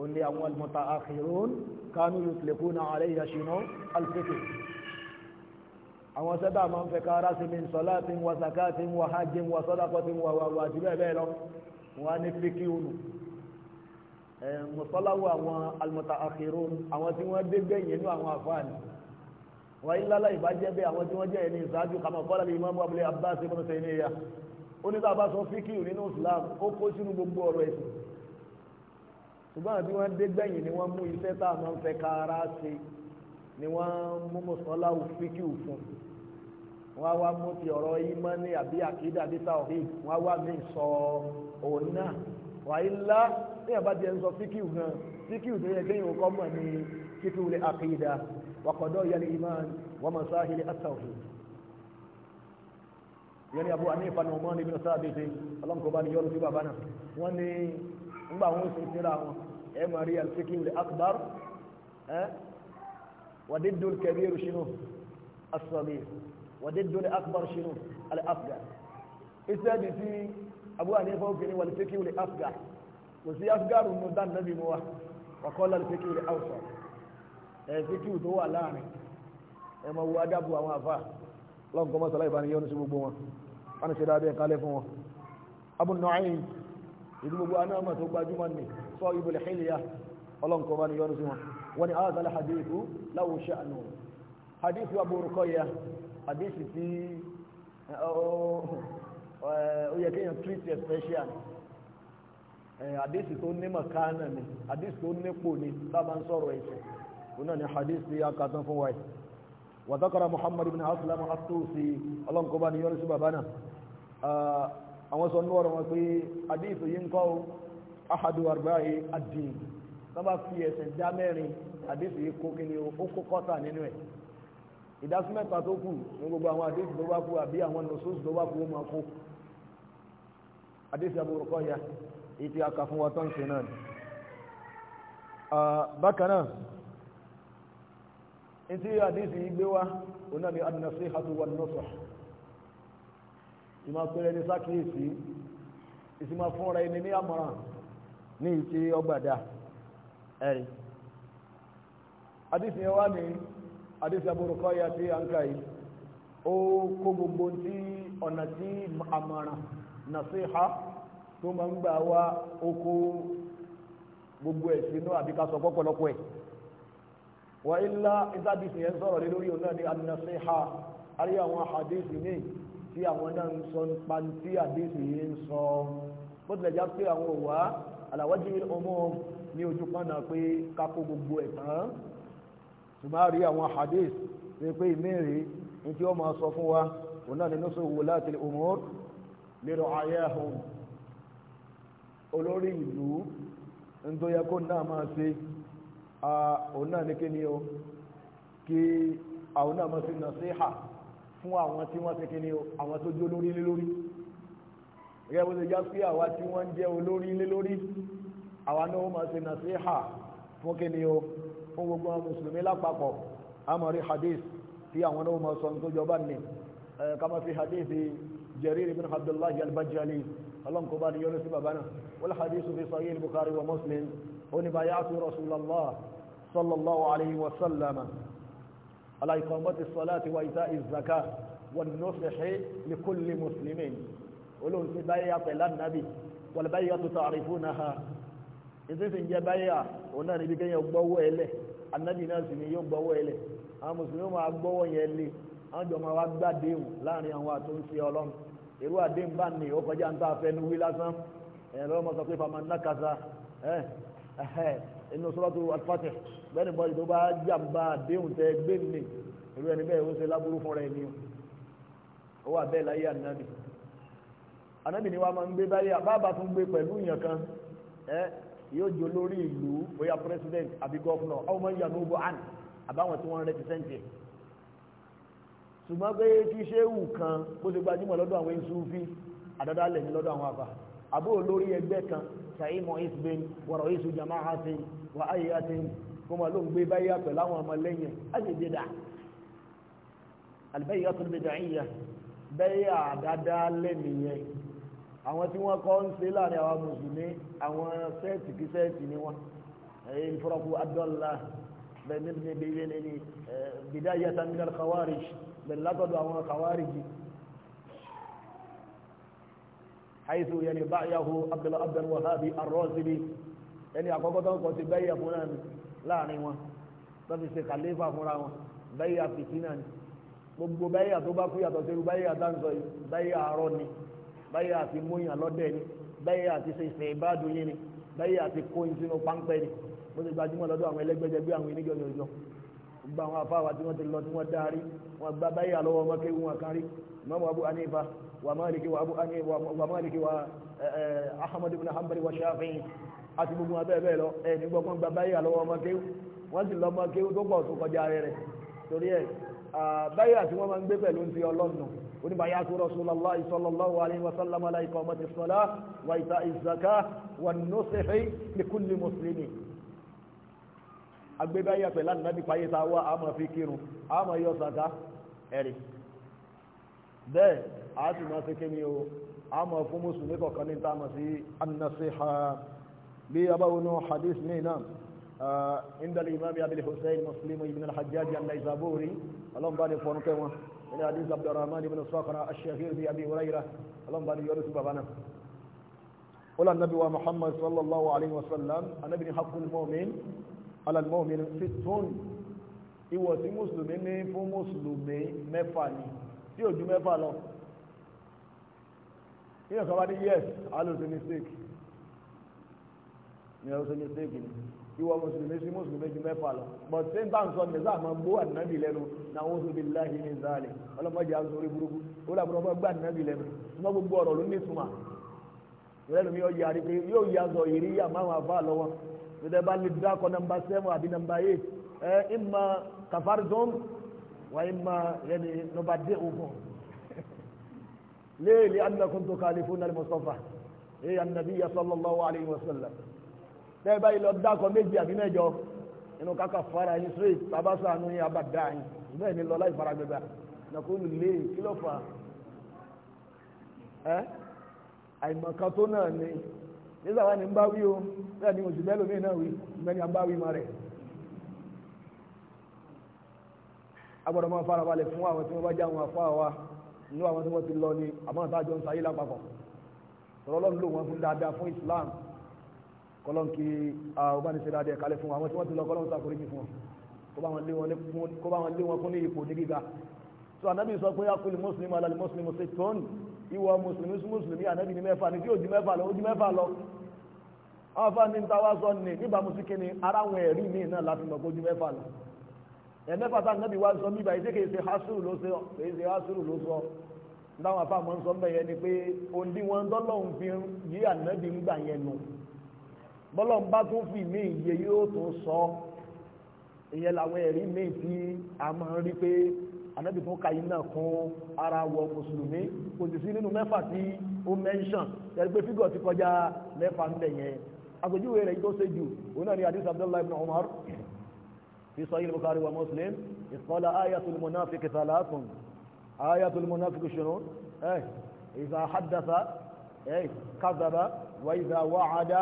o ní àwọn almọ̀ta àkìrún kánú yùtìlẹ̀kú na mọ̀sálàwọ̀ àwọn almutaakhirun àwọn tí wọ́n dé gbẹ̀yìn inú àwọn àfáàní wọ́n yí lálẹ́ ìbájẹ́ bẹ́ẹ̀ àwọn tí wọ́n jẹ́ ẹni ìsáájú kàmọ́ kọ́lá ní imáàmù abúlé abbas ibn taymiya ó ní tàbá sọ fíkì nínú islam ó kó sínú gbogbo ọ̀rọ̀ ẹ̀sìn ṣùgbọ́n àti wọ́n dé gbẹ̀yìn ni wọ́n mú iṣẹ́ tá a máa ń fẹ́ ní ẹ̀bá ti ẹ̀ ń sọ fíkìú gan fíkìú tó yẹ kéèyàn kọ́ mọ̀ ní fíkìú lè àkìdá wàkọ̀dọ̀ yẹlẹ imán wọ́n mọ̀ sáhìlì àtàwù yẹlẹ abu anífa náà wọ́n ní bí sáà bèbè ọlọ́mùkọ́ bá ní yọrù sí bàbá náà wọ́n ní ńgbà wọn sì síra wọn ẹ̀ mọ̀ rí fíkìú lè akbar ẹ̀ wàdídù kẹbíru sínú asọ̀bí wàdídù lè akbar sínú alẹ́ afghan iṣẹ́ bìtì abu anífa ó fi ní wàlẹ́ fíkìú lè afghan kò sí asgaru nù dá nàbí mu wa wàkọ́lá fíkì rẹ̀ àwùsọ̀ ẹ̀ fíkì tó wà láàrin ẹ̀ mọ̀ wo adábu àwọn àfà lọ́nkọ́ mọ́sálá ìbáni yọ́nu sí gbogbo wọn wọn ṣe dáadé kalẹ̀ fún wọn Abu Nu'aym ìlú gbogbo anáàmà tó gbajúmọ̀ ní sọ ibùl Hilya ọlọ́nkọ́ bá ní yọ́nu sí wọn wọn ni aazal hadithu lahu hadithu Abu Ruqayya hadithu tí ó yẹ kéèyàn special Eh, hadisi tó ní makana ni hadisi tó nípò ni sábà ń sọ̀rọ̀ ẹ̀sẹ̀ ọ̀nà ni hadisi tí a kà fún wa yìí wàtàkàrà muhammad ibn aslam atusi ọlọ́nkọba ni yọrí sí bàbá náà ah, àwọn sọ ní wọn pé hadisi yìí ń kọ́ ahadu arba'i ad-din ètò àkà fún wa tó ń ṣe náà bákan náà ètò àdísì gbé wá onáni an-nasihatu wan-nusah ìmá pẹ́rẹ́ ní sákìyèsí ìsìmá fúnra ẹni ní àmọ̀ràn ní ìtì ọgbàdá ẹ̀rí àdísì yẹn wá ní àdísì Abu tí a ń kà yìí ó kó gbogbo tí ọ̀nà tí àmọ̀ràn nasiha tó máa ń gbà wá oko gbogbo ẹ̀ sínú àbí ká sọ pọ́pọ́lọpọ́ ẹ̀ wà ilá ìtàdìsì yẹn sọ̀rọ̀ lé lórí òun náà ní an-nasiha àrí àwọn àdéhìsì míì tí àwọn náà ń sọ nípa tí àdéhìsì yìí ń sọ bó tilẹ̀ já pé àwọn òwá àlàwájú ọmọ ní ojú pọ́nà pé kákó gbogbo ẹ̀ tán ṣùgbọ́n àrí àwọn àdéhìsì ṣe pé ìmẹ́rin ní tí wọ́n máa sọ fún wa òun náà ní nusru wulati al-umur li ru'ayahum olórí ìlú ń tó yẹ kó náà máa ṣe òun náà ní kí ni o kí àwọn náà máa ṣe nàṣíhà fún àwọn tí wọ́n ṣe kí ni o àwọn tó jẹ́ olórí lé lórí gẹ́gẹ́ bó ṣe já sí àwa tí wọ́n ń jẹ́ olórí lé lórí àwa náà máa ṣe nàṣíhà fún kí o fún gbogbo àwọn mùsùlùmí lápapọ̀ amọ̀rí hadith tí àwọn náà máa sọ ní tó jọba ní kama hadith Jarir ibn Abdullahi al ọlọ́run kó bá ní yọ́nú sí bàbá náà wal hadithu fi sahih bukhari wa muslim ó ní bay'atu rasulallah sallallahu alayhi wa sallam ala iqamati salati wa ita'i zakat wa nusihi li kulli muslimin olóhùn sí báyà pẹ̀lá nàbì wal bay'atu ta'rifunaha ìdí sì ń jẹ́ báyà òun náà níbi kẹ́yìn gbọ́wọ́ ẹlẹ̀ anábì náà ni yóò gbọ́wọ́ ẹlẹ̀ àwọn mùsùlùmí máa gbọ́wọ́ yẹn lé àwọn jọ máa wá gbàdéhùn láàrin àwọn àtúnṣe ọlọ́run irú àdé ń bá ní ó kọjá ń tó afẹ́ ní wí lásán ẹ̀yìn lọ́wọ́ mọ́ sọ pé fama nákàsá inú sọ́lọ́tù al bẹ́ẹ̀ni bọ́ọ̀lù tó bá jàǹbá àdéhùn tẹ gbé ní irú ẹni bẹ́ẹ̀ ó ṣe lábúrú fún rẹ̀ ni ó wà bẹ́ẹ̀ láyé ànábì ànábì ni wàá máa ń gbé báyà bàbá tún gbé pẹ̀lú ìyàn kan yóò jọ lórí ìlú bóyá president àbí gọ́fúnà ọmọ ìyànú bọ́ àn àbáwọn tí wọ́n rẹ́pẹ́sẹ́ntì ṣùgbọ́n pé kí ṣéwù kan bó ṣe gbajúmọ̀ lọ́dọ̀ àwọn ìṣúfí àdádálẹ̀ ní lọ́dọ̀ àwọn àbá àbó olórí ẹgbẹ́ kan sàímọ̀ isbin wọ̀rọ̀ isu jamahatin wà áyé àti kọmọ ló ń gbé báyà pẹ̀lú àwọn ọmọ lẹ́yìn ajébẹ̀dà àlùbẹ́yà tó lè dàáyà bẹ́yà àdádálẹ̀ nìyẹn àwọn tí wọ́n kọ́ ń ṣe láàrin àwọn mùsùlùmí àwọn sẹ́ẹ̀tì kí sẹ́ẹ̀tì ni wọ́n ìfọ̀rọ̀kù adọ́lá بين ابن بين بداية من الخوارج من لقد أو الخوارج حيث يعني بعيه عبد الله عبد الوهاب الرازلي يعني أقوى تقول تبايع فلان لا نيوان tọ́fi ṣe kàlífà fúnra wọn bẹ́yà fìtínà ni gbogbo bẹ́yà tó bá kú yàtọ̀ sí irú bẹ́yà dáńsọ yìí bẹ́yà arọ ni bẹ́yà àti múyàn lọ́dẹ ni bẹ́yà àti ṣe ìṣẹ̀ ìbádùn yìí ni bẹ́yà àti kóyin sínú páńpẹ́ ni bó ṣe gbajúmọ̀ lọ́dọ̀ àwọn ẹlẹ́gbẹ́jẹgbẹ́ àwọn oníjọjọjọ gbogbo àwọn afáwà tí wọ́n ti lọ tí wọ́n dárí wọn gbá báyà lọ́wọ́ ọmọ kéwù wọn kárí mọ́mọ́ abu anifa wà máàlìkì wà abu anifa wà máàlìkì wà eh, eh, ahmadu bin hanbali wà shafi'i àti gbogbo wọn bẹ́ẹ̀ bẹ́ẹ̀ lọ ẹ̀ nígbà kan gbá báyà lọ́wọ́ ọmọ kéwù wọ́n sì lọ ọmọ kéwù tó pọ̀ tó kọjá rẹ̀ torí ẹ̀ báyà tí wọ́n máa ń gbé pẹ̀lú ti ọlọ́nà oníbàyà tó Rasulullah sallallahu alaihi wa sallam ala iqamati salah wa ita'i zakah wa nusuhi li kulli muslimin agbébáyé pẹ̀lú ànábì payé ta wá a máa fi kírun a máa yọ sàká ẹ̀rì bẹ́ẹ̀ a sì máa fi kíni o a máa fún mùsùlùmí kọ̀ọ̀kan ní táàmà sí annasiha bí abáwọnú hadith ní náà عند الإمام أبي الحسين مسلم بن الحجاج النيزابوري اللهم بارك فونك وان إلى حديث عبد الرحمن بن صخرة الشهير بأبي هريرة اللهم بارك يرسل بابانا قال النبي محمد صلى الله عليه وسلم أنا ابن حق المؤمن alalmọ́mìnì fitun ìwọ̀ tí mùsùlùmí ní fún mùsùlùmí mẹ́fà ni tí ò ju mẹ́fà lọ yíyan kan bá ní yes alóòsè mistake ní alóòsè mistake ni ìwọ̀ mùsùlùmí sí mùsùlùmí ju mẹ́fà lọ but ṣé n bá ń sọ ní sáà máa gbó ànábì lẹ́nu náà wọ́n tóbi láàyè ní ìzáàlẹ̀ ọlọ́mọdé àti orí burúkú ó làbúrò ọmọ gbá ànábì lẹ́nu ṣùgbọ́n gbogbo ọ̀rọ̀ ló ní ìtumà ìrẹ́nu mi yóò yà nígbà bá lè bí dákọ̀ nọmba seven àbí nọmba eight ẹ ìmọ̀ kàfárídọ́m wà ìmọ̀ yẹni nọmba dé òfò léèlì anakun tó kàlí fún nàlẹ́ mọ́sọ́fà èyí ànàbí yà sallallahu alayhi wa sallam bẹ́ẹ̀ báyìí lọ dákọ̀ méjì àbí mẹ́jọ inú kàkà fara yín straight bàbá sànú yín abàdá yín bẹ́ẹ̀ ni lọ láì fara gbẹgbà nàkúrú lè kí ló fà ẹ́ eh? àìmọ̀kan tó ni nígbà wà ní ń bá wí o nígbà ní oṣù bẹ́ẹ̀ lómi náà wí ìgbẹ́ni à ń bá wí mọ́ rẹ̀ agbọ́dọ̀ máa fara balẹ̀ fún àwọn tí wọ́n bá já wọn afọ́ àwa inú àwọn tí wọ́n ti lọ ni àmọ́ àtàjọ ń sayé lápapọ̀ tọ́lọ́lọ́n lò wọ́n fún dáadáa fún Islam kọlọ́n kí ọba ní ṣe dáadáa kalẹ̀ fún àwọn tí wọ́n ti lọ kọlọ́n ṣàforíjì fún wọn kó bá wọn lé wọn kún ní ipò ní gíga so anabi sọ pé ìwọ mùsùlùmí sí mùsùlùmí ànábì ní mẹ́fà ní tí ò ju mẹ́fà lọ ó ju mẹ́fà lọ àwọn fáwọn ní tàwa sọ ní níbàámu sí kíni ara àwọn ẹ̀rí mi náà láti mọ̀ kó ju mẹ́fà lọ ẹ̀ mẹ́fà tá ànábì wá sọ bíbá ìṣe kèéṣe hasuru ló sọ kèéṣe hasuru ló sọ láwọn afáàmọ́ ń sọ mbẹ́ yẹn ni pé òǹdí dọ́lọ́hún fi yí ànábì ń gbà yẹn nù bọ́lọ́hún bá tún fi mí iye yóò tún sọ ìyẹn làwọn ẹ̀rí mi ti àmọ́ rí pé anábì tó ka iná kún ara wọ mùsùlùmí kò sì sí nínú mẹ́fà tí ó mẹ́ńṣàn yẹn pé fígọ̀ ti kọjá mẹ́fà ń bẹ̀ yẹn àpèjúwe rẹ̀ tó ṣe jù òun náà ni hadith abdullahi ibn umar fi sahih bukhari wa muslim ìkọlá ayatul munafiq thalathun ayatul munafiq shunu ẹ̀ eh, ìzà haddasa ẹ̀ eh, kazaba wa ìzà wa'ada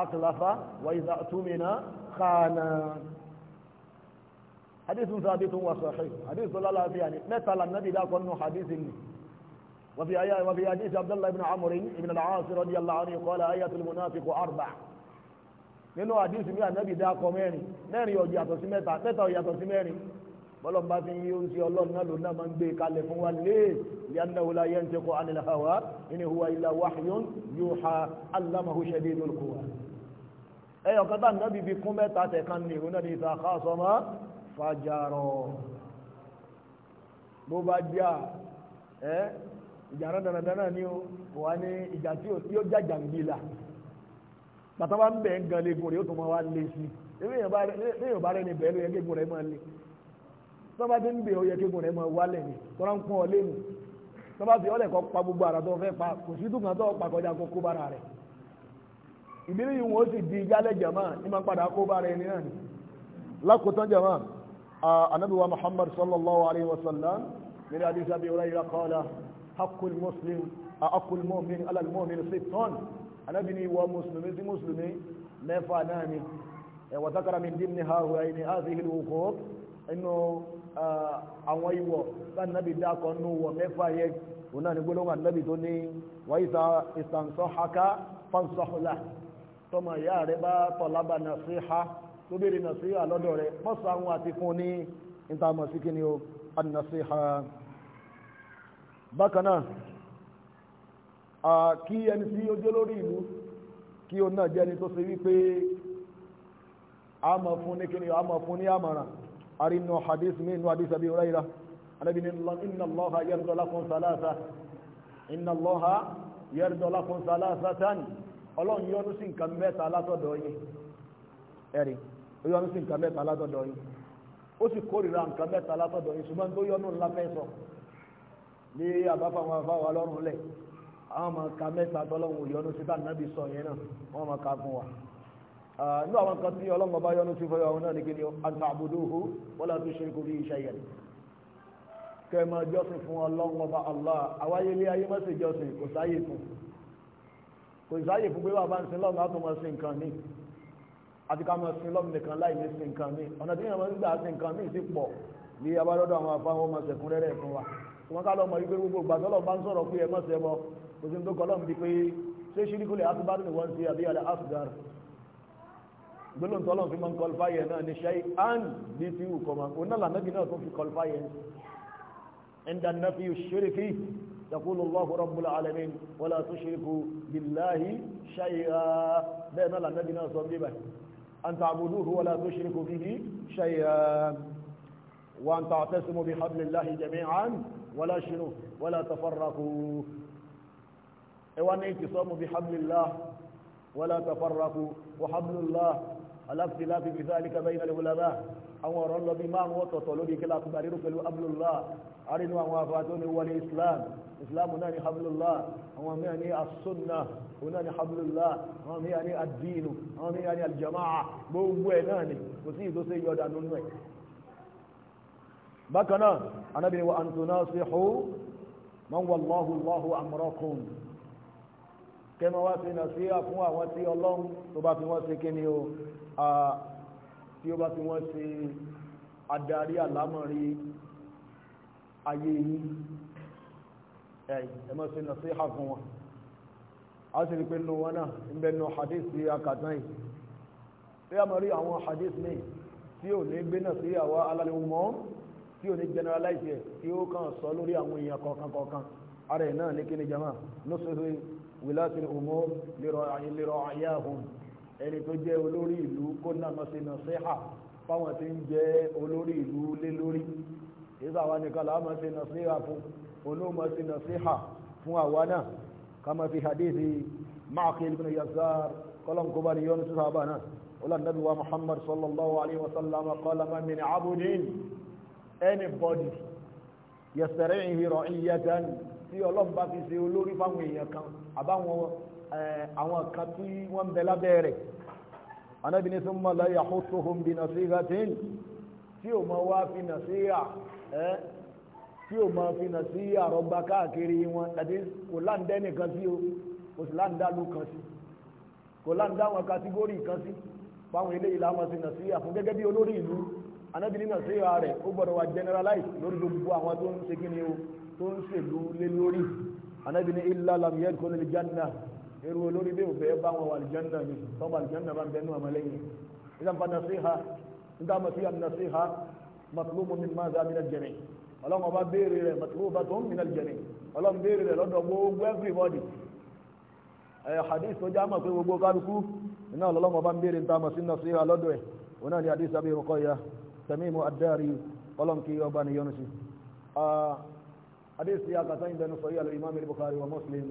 akhlafa wa ìzà tumina khana hadithun thabitun wa sahih hadith sallallahu alaihi yani mẹ́tàlá nabi dákọ̀ nínú hadithin ni wàfi ayá wàfi hadith abdullahi ibn amr ibn al-aas radiyallahu anhu qala ayatul munafiqu arba nínú hadith mi anabi dákọ̀ mẹ́rin mẹ́rin ó yàtọ̀ sí mẹ́ta mẹ́ta ó yàtọ̀ sí mẹ́rin bọ́lọ̀n bá fi ń yíó sí ọlọ́run náà lòun náà máa ń gbé kalẹ̀ fún wa lé liannahu la yantiqu anil hawa in huwa illa wahyun yuha allamahu shadidul quwa ẹ̀yọ̀ kan tá nàbí fi kún mẹ́ta tẹ̀kan nìhun náà ní ìsàkásọ́mọ́ fàjàrọ̀ bó bá jà ẹ́ ìjàrá dáradára ni ó wà ní ìjà tí ó jà jàǹgìlà bàtà bá ń bẹ̀ ń gan léegun rẹ̀ ó tún máa wá lé sí léèyàn bá rẹ̀ ní bẹ̀ẹ́ ló yẹ kéegun rẹ̀ máa lé tọ́ba ti ń bẹ̀ ó yẹ kéegun rẹ̀ máa wálẹ̀ ni tọ́ra ń pọ́n ọ léèmù tọ́ba fi ọ́lẹ̀ kọ́ pa gbogbo àrà tó fẹ́ pa kò sí dùkàn tó pa kọjá kó kó bára rẹ̀ ìbílẹ̀ yìí wọ́n sì di jálẹ̀ jàmáà ní máa padà kó bára ẹni náà ni lákòótán jàmáà النبي محمد صلى الله عليه وسلم من حديث ابي هريره قال حق المسلم حق المؤمن على المؤمن ست النبي ومسلم مسلم نفعناني وذكر من ضمن هذه الوقوف انه àwọn ìwọ̀ lánàbì dákọ̀ nú wọ̀ mẹ́fà yẹ òun náà ní gbólóhùn ànábì tó ní wọ́n ìsà ìsànsọ́ haka fánsọ́hùlà tọmọ ìyá rẹ bá tọ̀lábà nasiha tó béèrè nàṣíhà lọ́dọ̀ rẹ̀ mọ́sàn àwọn àti fún ní ìtàmọ̀ sí kí ni ó annàṣíhà bákanáà kí ẹni tí ó jẹ́ lórí ìlú kí ó náà jẹ́ni tó ṣe wípé a mọ̀ fún ní kí ni a mọ̀ fún ní àmọ̀ràn arínú hadith mi inú hadith Abi Hurairah anábi ọlọ́run yọ́nú sí nǹkan mẹ́ta látọ̀dọ̀ yìí ẹ̀rí ó yọ́nú sí nǹkan mẹ́ta látọ̀dọ̀ yìí ó sì kórìíra nǹkan mẹ́ta látọ̀dọ̀ yìí ṣùgbọ́n tó yọ́nú ńlá fẹ́ sọ ní àbáfà wọn àfà wà lọ́rùn lẹ̀ àwọn ọmọ nǹkan mẹ́ta tọ́lọ́hún òyọ́nú sí tànàbí sọ yẹn náà wọ́n ka fún wa nínú àwọn kan tí ọlọ́mọ bá yọ́nú sí fọyọ́ àwọn náà ní kíni àtàbùdóhù wọ́n láti ṣe kò bí iṣẹ́ yẹn fún ọlọ́mọ bá Allah àwáyé ilé ayé mọ́sẹ̀ jọ́sìn kò sáyè fún kò sáyè fún pé wà bá ń sin lọ́mọ àtọmọ sí nǹkan míì àti ká máa sin lọ́mù nìkan láì ní sin nǹkan míì ọ̀nà tí yẹn máa ń gbà sin nǹkan míì sí pọ̀ ní abádọ́dọ̀ àwọn afáwọn ọmọ ṣẹ̀kúnrẹ́rẹ́ fún wa wọn ká lọ́mọ yìí pé gbogbo ìgbà tọ́lọ́ bá ń sọ̀rọ̀ pé ẹ mọ̀sẹ̀ bọ kò sí ní tó kọ́ pé ṣé ṣíríkùlẹ̀ asibari ni wọ́n ti àbí alẹ́ asgar gbólóhùn tọ́lọ́ fi máa ń náà ní ṣe án bí ti wù kọ́mọ òun náà lànà náà tó fi kọlifá yẹn ẹ̀ńdà fi ṣeré kí يقول الله رب العالمين ولا تشركوا بالله شيئا بين الله نبينا صلى الله عليه أن تعبدوه ولا تشركوا به شيئا وأن تعتصموا بحبل الله جميعا ولا شنو ولا تفرقوا وأن اعتصموا بحبل الله ولا تفرقوا وحبل الله aláfíìlá fi fìdá alíkà bẹ́yìn alẹ́ wọlábá àwọn ọ̀rọ̀ lọ bí márùn ọ̀tọ̀ọ̀tọ̀ lórí kí lákùgbà rírù pẹ̀lú abdullá arínú àwọn afá tó ní wọlé islam islam náà ni hablulá àwọn mìíràn ní asúnà òun náà ni hablulá àwọn mìíràn ní adínú àwọn mìíràn ní aljamaa gbogbo ẹ̀ náà ni kò sí ìdó sí yọ̀dà nínú ẹ̀ bákan náà anábìnrin wa antunasihu man wallahu allahu amrakum kẹmọ wá sí nàṣíríà fún àwọn tí ọlọ́run tó bá fi wọ́n ṣe kí ni o tí ó bá fi wọ́n ṣe adarí àlámọ̀rí ayé yìí ẹ mọ́ sí nàṣíríà fún wọn a sì rí pé nínú wọn náà ń bẹ nínú hadith sí akàtán yìí tí a mọ̀ rí àwọn hadith ní tí ò ní gbé nàṣíríà wá alálẹ́ mọ́ tí ò ní generalize ẹ̀ tí ó kàn sọ lórí àwọn èèyàn kọ̀ọ̀kan kọ̀ọ̀kan ara ẹ̀ náà ní kí ni jama nọ́sọ̀rọ̀ wíláàtì òmó lérò àyáhùn ẹni tó jẹ́ olórí ìlú kó náà mọ́ sí nàṣíhà fáwọn tí ń jẹ́ olórí ìlú lé lórí ìgbà wa nìkan làá mọ́ sí nàṣíhà fún olóòmọ́ sí nàṣíhà fún àwa náà kama fi hadithi Ma'qil ibn Yazar kọ́lọ́n kó bá ní yọ́nù sábà náà wọ́n nàbí wa Muhammad sallallahu alaihi wasallam qala ma min abudin anybody yasarihi ra'iyatan tí ọlọ́mbà fi ṣe olórí fáwọn èèyàn kan àbáwọn àwọn kan tí wọ́n ń bẹ lábẹ́ rẹ̀ anábì ní sọ́mọ́ láyà ó tó hùn bí nàṣíhà tí ń tí ò mọ wá fi nàṣíhà ẹ́ tí o mọ fi nàṣíhà rọgbà káàkiri wọn tàbí kò láǹdẹ́ nìkan sí o kò sì láǹdá ló kan sí kò láǹdá wọn kátígórì kan sí fáwọn eléyìí láwọn sí nàṣíhà fún gẹ́gẹ́ bí olórí ìlú anábì ní nàṣíhà rẹ̀ ó gbọ́dọ̀ wà generalize lórí gbogbo àwọn tó ń se kí ni o tó ń ṣèlú lé lórí anábì ní illa lam yadkhul al-janna èrò olórí bí òfẹ́ bá wọn wà al-janna ni tọ́ba al-janna bá ń bẹnu àmàlẹ́yìn nígbà fa nasiha nígbà mọ̀ sí an-nasiha matlubu min maza min al-jami ọlọ́run ọba béèrè rẹ̀ matlubatun min al-jami ọlọ́run béèrè rẹ̀ lọ́dọ̀ gbogbo everybody ẹ̀ hadith tó já mọ̀ pé gbogbo kálukú iná ọlọ́run ọba ń béèrè níta mọ̀ sí nasiha lọ́dọ̀ ẹ̀ òun náà ni hadith Abi Ruqayyah Tamimu ad-Dari ọlọ́run kí ọba ni yọnu sí. Ah, àdéhùsí akàtà ìbẹnu sọ yí al-Imam al-Bukhari wa Muslim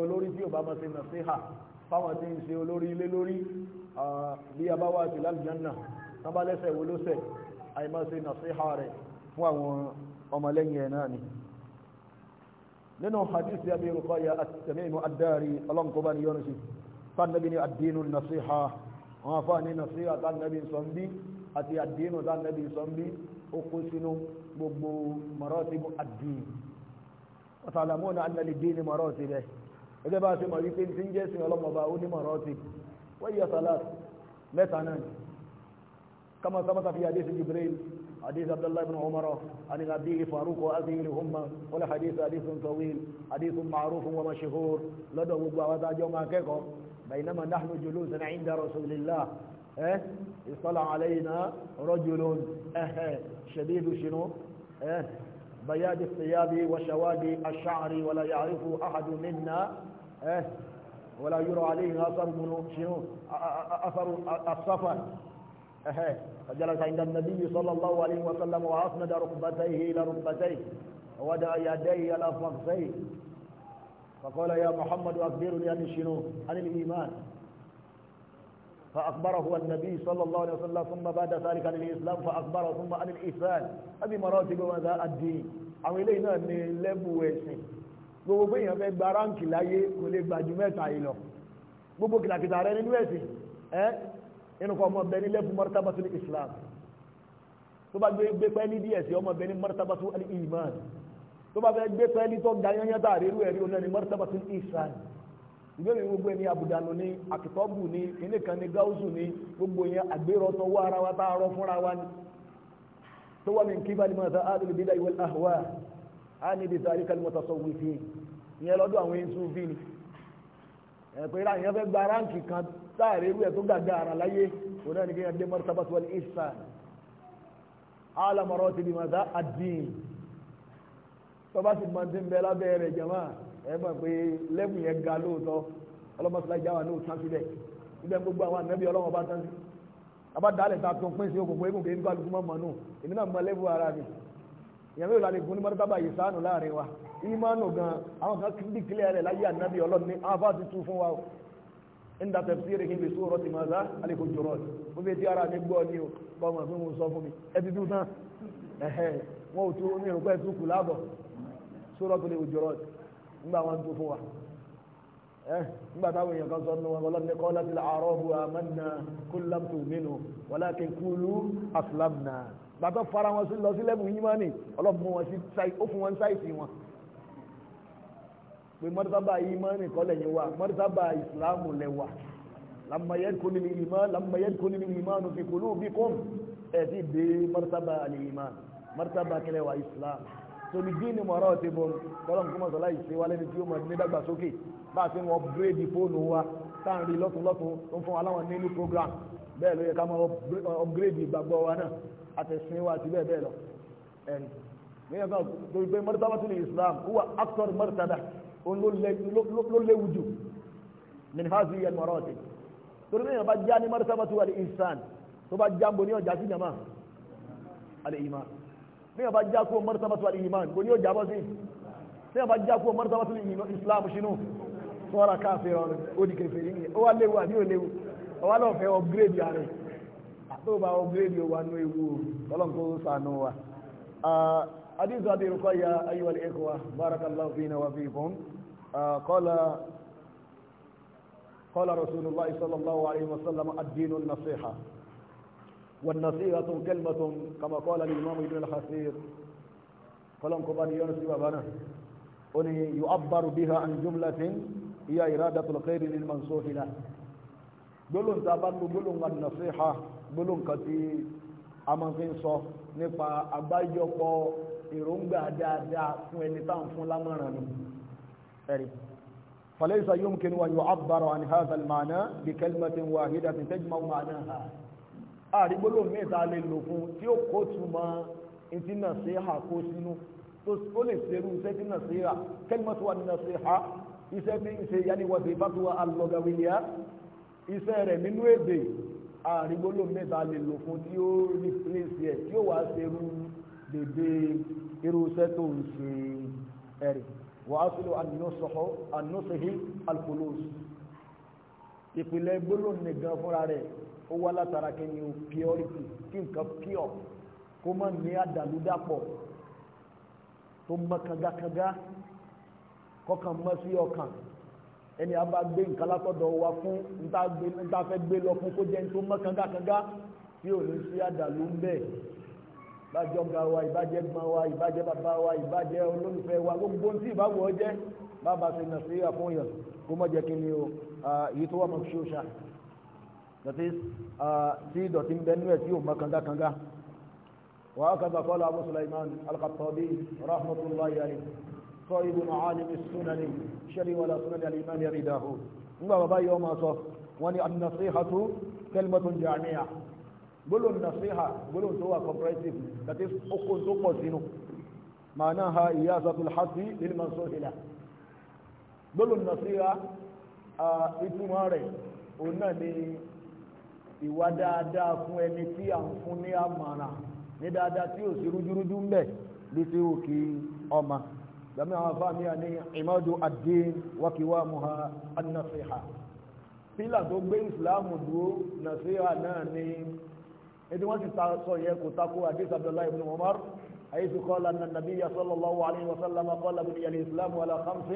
olórí tí ọba mọ́sí na síhà fáwọn tí ń ṣe olórí ilé lórí bí a bá wà sí lálùjánà tábà lẹ́sẹ̀ wo lóṣẹ̀ àìmọ́sí na síhà rẹ̀ fún àwọn ọmọlẹ́yìn ẹ̀ náà ni nínú hadisi Abi Ruqayya at-Tamimu ad-Dari ọlọ́nkọba ni yọ́nu sí tánàbí ad-dinu nasiha wọn afọ́ ní nasiha tánàbí sọ́nbí àti ad-dinu tánàbí sọ́nbí ó kó sínú gbogbo maratibu ad-din ọ̀tàlàmọ́nà annalidé ní mọ̀rọ̀tì rẹ̀ ẹgbẹ́ bá ṣe mọ̀ wípé tí ń jẹ́ sin ọlọ́mọba ó ní mọ̀rọ̀tì wọ́n yíyọ salat mẹ́ta náà kama samata fi hadith jibril hadith abdullah ibn umar an abihi faruq wa abihi umma wala hadith hadith tawil hadith ma'ruf wa mashhur lọ́dọ̀ gbogbo àwọn tá jọ ma keko bainama nahnu julusan 'inda rasulillah eh istala alaina rajulun eh shadidu shinu eh بياد الثياب وشواد الشعر ولا يعرف أحد منا إيه ولا يرى عليه أثر شنو أثر السفر إيه فجلس عند النبي صلى الله عليه وسلم وأسند ركبتيه إلى ركبتيه ودع يديه إلى فخذيه فقال يا محمد أخبرني عن شنو عن الإيمان فأخبره النبي صلى الله عليه وسلم ثم بعد ذلك عن الإسلام فأخبره ثم عن الإحسان هذه مراتب وذا الدين àwọn eléyìí náà ní lẹ́bù ẹ̀sìn gbogbo pé èèyàn fẹ́ gba ráǹkì láyé kò lè gbàjú mẹ́ta yìí lọ gbogbo kìlàkìtà rẹ nínú ẹ̀sìn ẹ́ inú kan ọmọ bẹni lẹ́bù mọ́rtábàtú ní Islam tó bá gbé pẹ́ẹ́lí díẹ̀ sí ọmọ bẹni mọ́rtábàtú ní iman tó bá fẹ́ gbé pẹ́ẹ́lí tó ga tààrí irú ẹ̀rí onáni mọ́rtábàtú ní Ihsan ìbéèrè gbogbo ẹni abudanu ni akitọ́bù ni kíní kan ni gáúsù ni gbogbo yẹn àgbérò tó wá ara wa tá a rọ fúnra wa ni tó wà mí kí bá ní ma sa áàdùn bídà ìwé àhùwà á ní bí sáré kalimọ̀ tó sọ wí fi ìyẹn lọ́dọ̀ àwọn yẹn sún fi ni ẹ̀pẹ́ ra ìyẹn fẹ́ gba ráǹkì kan sáàrí irú tó gàgà ara láyé òun náà ní kí yẹn dé mọ́tàbàtì wọlé ìsàn alamọ̀rọ̀ ti bí ma sa àdín tọ́ba ti mọ̀ ní ẹ mọ̀ pé lẹ́bùn yẹn ga lóòótọ́ ọlọ́mọsílá ìjà wà lóòótọ́ síbẹ̀ ibẹ̀ gbogbo àwọn ànábì ọlọ́wọ́n bá tán sí abádàálẹ̀ ta tó ń pín sí òkùnkùn eégún kéé nípa lùkùmọ́ mọ̀ èmi náà mọ lẹ́bùn ara mi ìyàwó ìlànà ìfún ní mọ́tàbà láàrin wa ìmánu gan àwọn kan kí kílẹ̀ rẹ̀ láyé ànábì bi ti ni o bọ́ ti tún mi rò nígbà wọn tó fún wa nígbà táwọn èèyàn kan sọ nínú wọn ọlọ́run ní kọ́ láti àárọ̀ bu àmàna kullam tu'minu walakin qulu aslamna bàtọ́ fara wọn lọ sí lẹ́bù yín mọ́ni ọlọ́run mú wọn sí ó fún wọn sáìsì wọn pé mọ́tàbà yìí mọ́ni kọ́lẹ̀ yín wa mọ́tàbà ìsìláàmù lẹ́wà lamma yadkhulu al-iman lamma yadkhulu al-iman fi qulubikum ẹ̀ ti dé mọ́tàbà al-iman mọ́tàbà kẹlẹ́wà ìsìláàmù torí díìnì mọ̀ọ́rọ́ ti bọ̀ lọ́lọ́mù kọ́mọ̀ sọ́lá yìí ṣe wá lẹ́ni tí ó mọ̀ ní dàgbàsókè bá a ti ń upgrade fóònù wa tá à ń rí lọ́tún lọ́tún tó ń fún wa láwọn nínú program bẹ́ẹ̀ ló yẹ ká máa upgrade ìgbàgbọ́ uh, wa náà àtẹ̀sìn wa àti bẹ́ẹ̀ bẹ́ẹ̀ lọ. níyẹn kan torí pé mọ́tàbá tún ní Islam wúwa actor mọ́tàdà ló léwu jù minhazi yẹn bí wọ́n bá já kó martabatu al-iman kò ní ó jábọ́ sí bí wọ́n bá já kó martabatu islam sínú sọ́ra káfẹ́ ọ̀rọ̀ ó di kẹfẹ́ yìí ó wá léwu àbí ò léwu ọwá lọ fẹ́ upgrade ààrẹ àtó bá upgrade والنصيحة كلمة كما قال الإمام ابن الخسير قلم كبار يونس وابانا أني يعبر بها عن جملة هي إرادة الخير للمنصوح له gbólóhùn tá a bá lu gbólóhùn kan nàṣíhà gbólóhùn kan tí a máa fi ń sọ nípa àgbájọpọ̀ فليس يمكن أن يعبر عن هذا المعنى بكلمة واحدة تجمع معناها àrígbólò mẹ́ta lè lò fún tí ó kó túmọ̀ ìtí náà sí ha kó sínú tó ó lè serú iṣẹ́ tí náà sí ha kẹ́lìmọ́tò wà nínú sí ha iṣẹ́ tí ń ṣe yáníwọ̀sẹ̀ ìbátúwà alọ́gàwìyà iṣẹ́ rẹ̀ nínú èdè àrígbólò mẹ́ta lè lò fún tí ó replace ẹ̀ tí ó wà serú dèdè irú iṣẹ́ tó ń ṣe ẹ̀rì wàásùlù ànúṣehí alkulus ìpìlẹ̀ gbólóhùn nìkan fúnra rẹ̀ ó wá látara kí ni o purity kí nǹkan pure kó má ní àdàlúdàpọ̀ tó mọ́ kangakanga kọkàn mọ́ sí ọkàn ẹni a bá gbé nǹkan látọ̀dọ̀ wa fún níta fẹ́ gbé lọ fún kó jẹ́ tó mọ́ kangakanga tí ò ní sí àdàlú ń bẹ̀ ìbájọ́ ga wa ìbájẹ́ gbọ́n wa ìbájẹ́ bàbá wa ìbájẹ́ olólùfẹ́ wa gbogbo tí ìbáwọ̀ jẹ́ bàbá ṣe nà sí àfọ̀yàn kó mọ̀ jẹ́ kí ni o èyí tó wà mọ̀ ṣóṣà that is uh, tí ìdọ̀tí ń bẹnu ẹ̀ tí ò mọ́ kangakanga wà á kàdà kọ́lá abu sulaiman al-qattabi rahmatullahi alayhi sahibu ma'alimi sunani shari wala sunani al-imam yari dahu ngba baba yi ọmọ sọ wọn ni an-nasihatu kalimatun jami'a gbólóhùn nasiha gbólóhùn tó wà comprehensive that is okò tó pọ̀ sínú معناها إيازة الحق للمنصوح له gbólóhùn nasiha uh, ìtumọ̀ rẹ̀ òun náà ni ìwà dáadáa fún ẹni tí à ń fún ní àmàrà ní dáadáa tí ò sí rújúrújú ń bẹ̀ ló ti wò kí ọmọ gbàmí àwọn afáàmì àní ìmọ̀dù ad-din wa qiwamuha an pílà tó gbé ìsìláàmù dúró nàṣíhà náà ni ẹni wọ́n ti sọ yẹ kò takò hadith Abdullahi ibn Umar حيث قال أن النبي صلى الله عليه وسلم قال بني الإسلام على خمس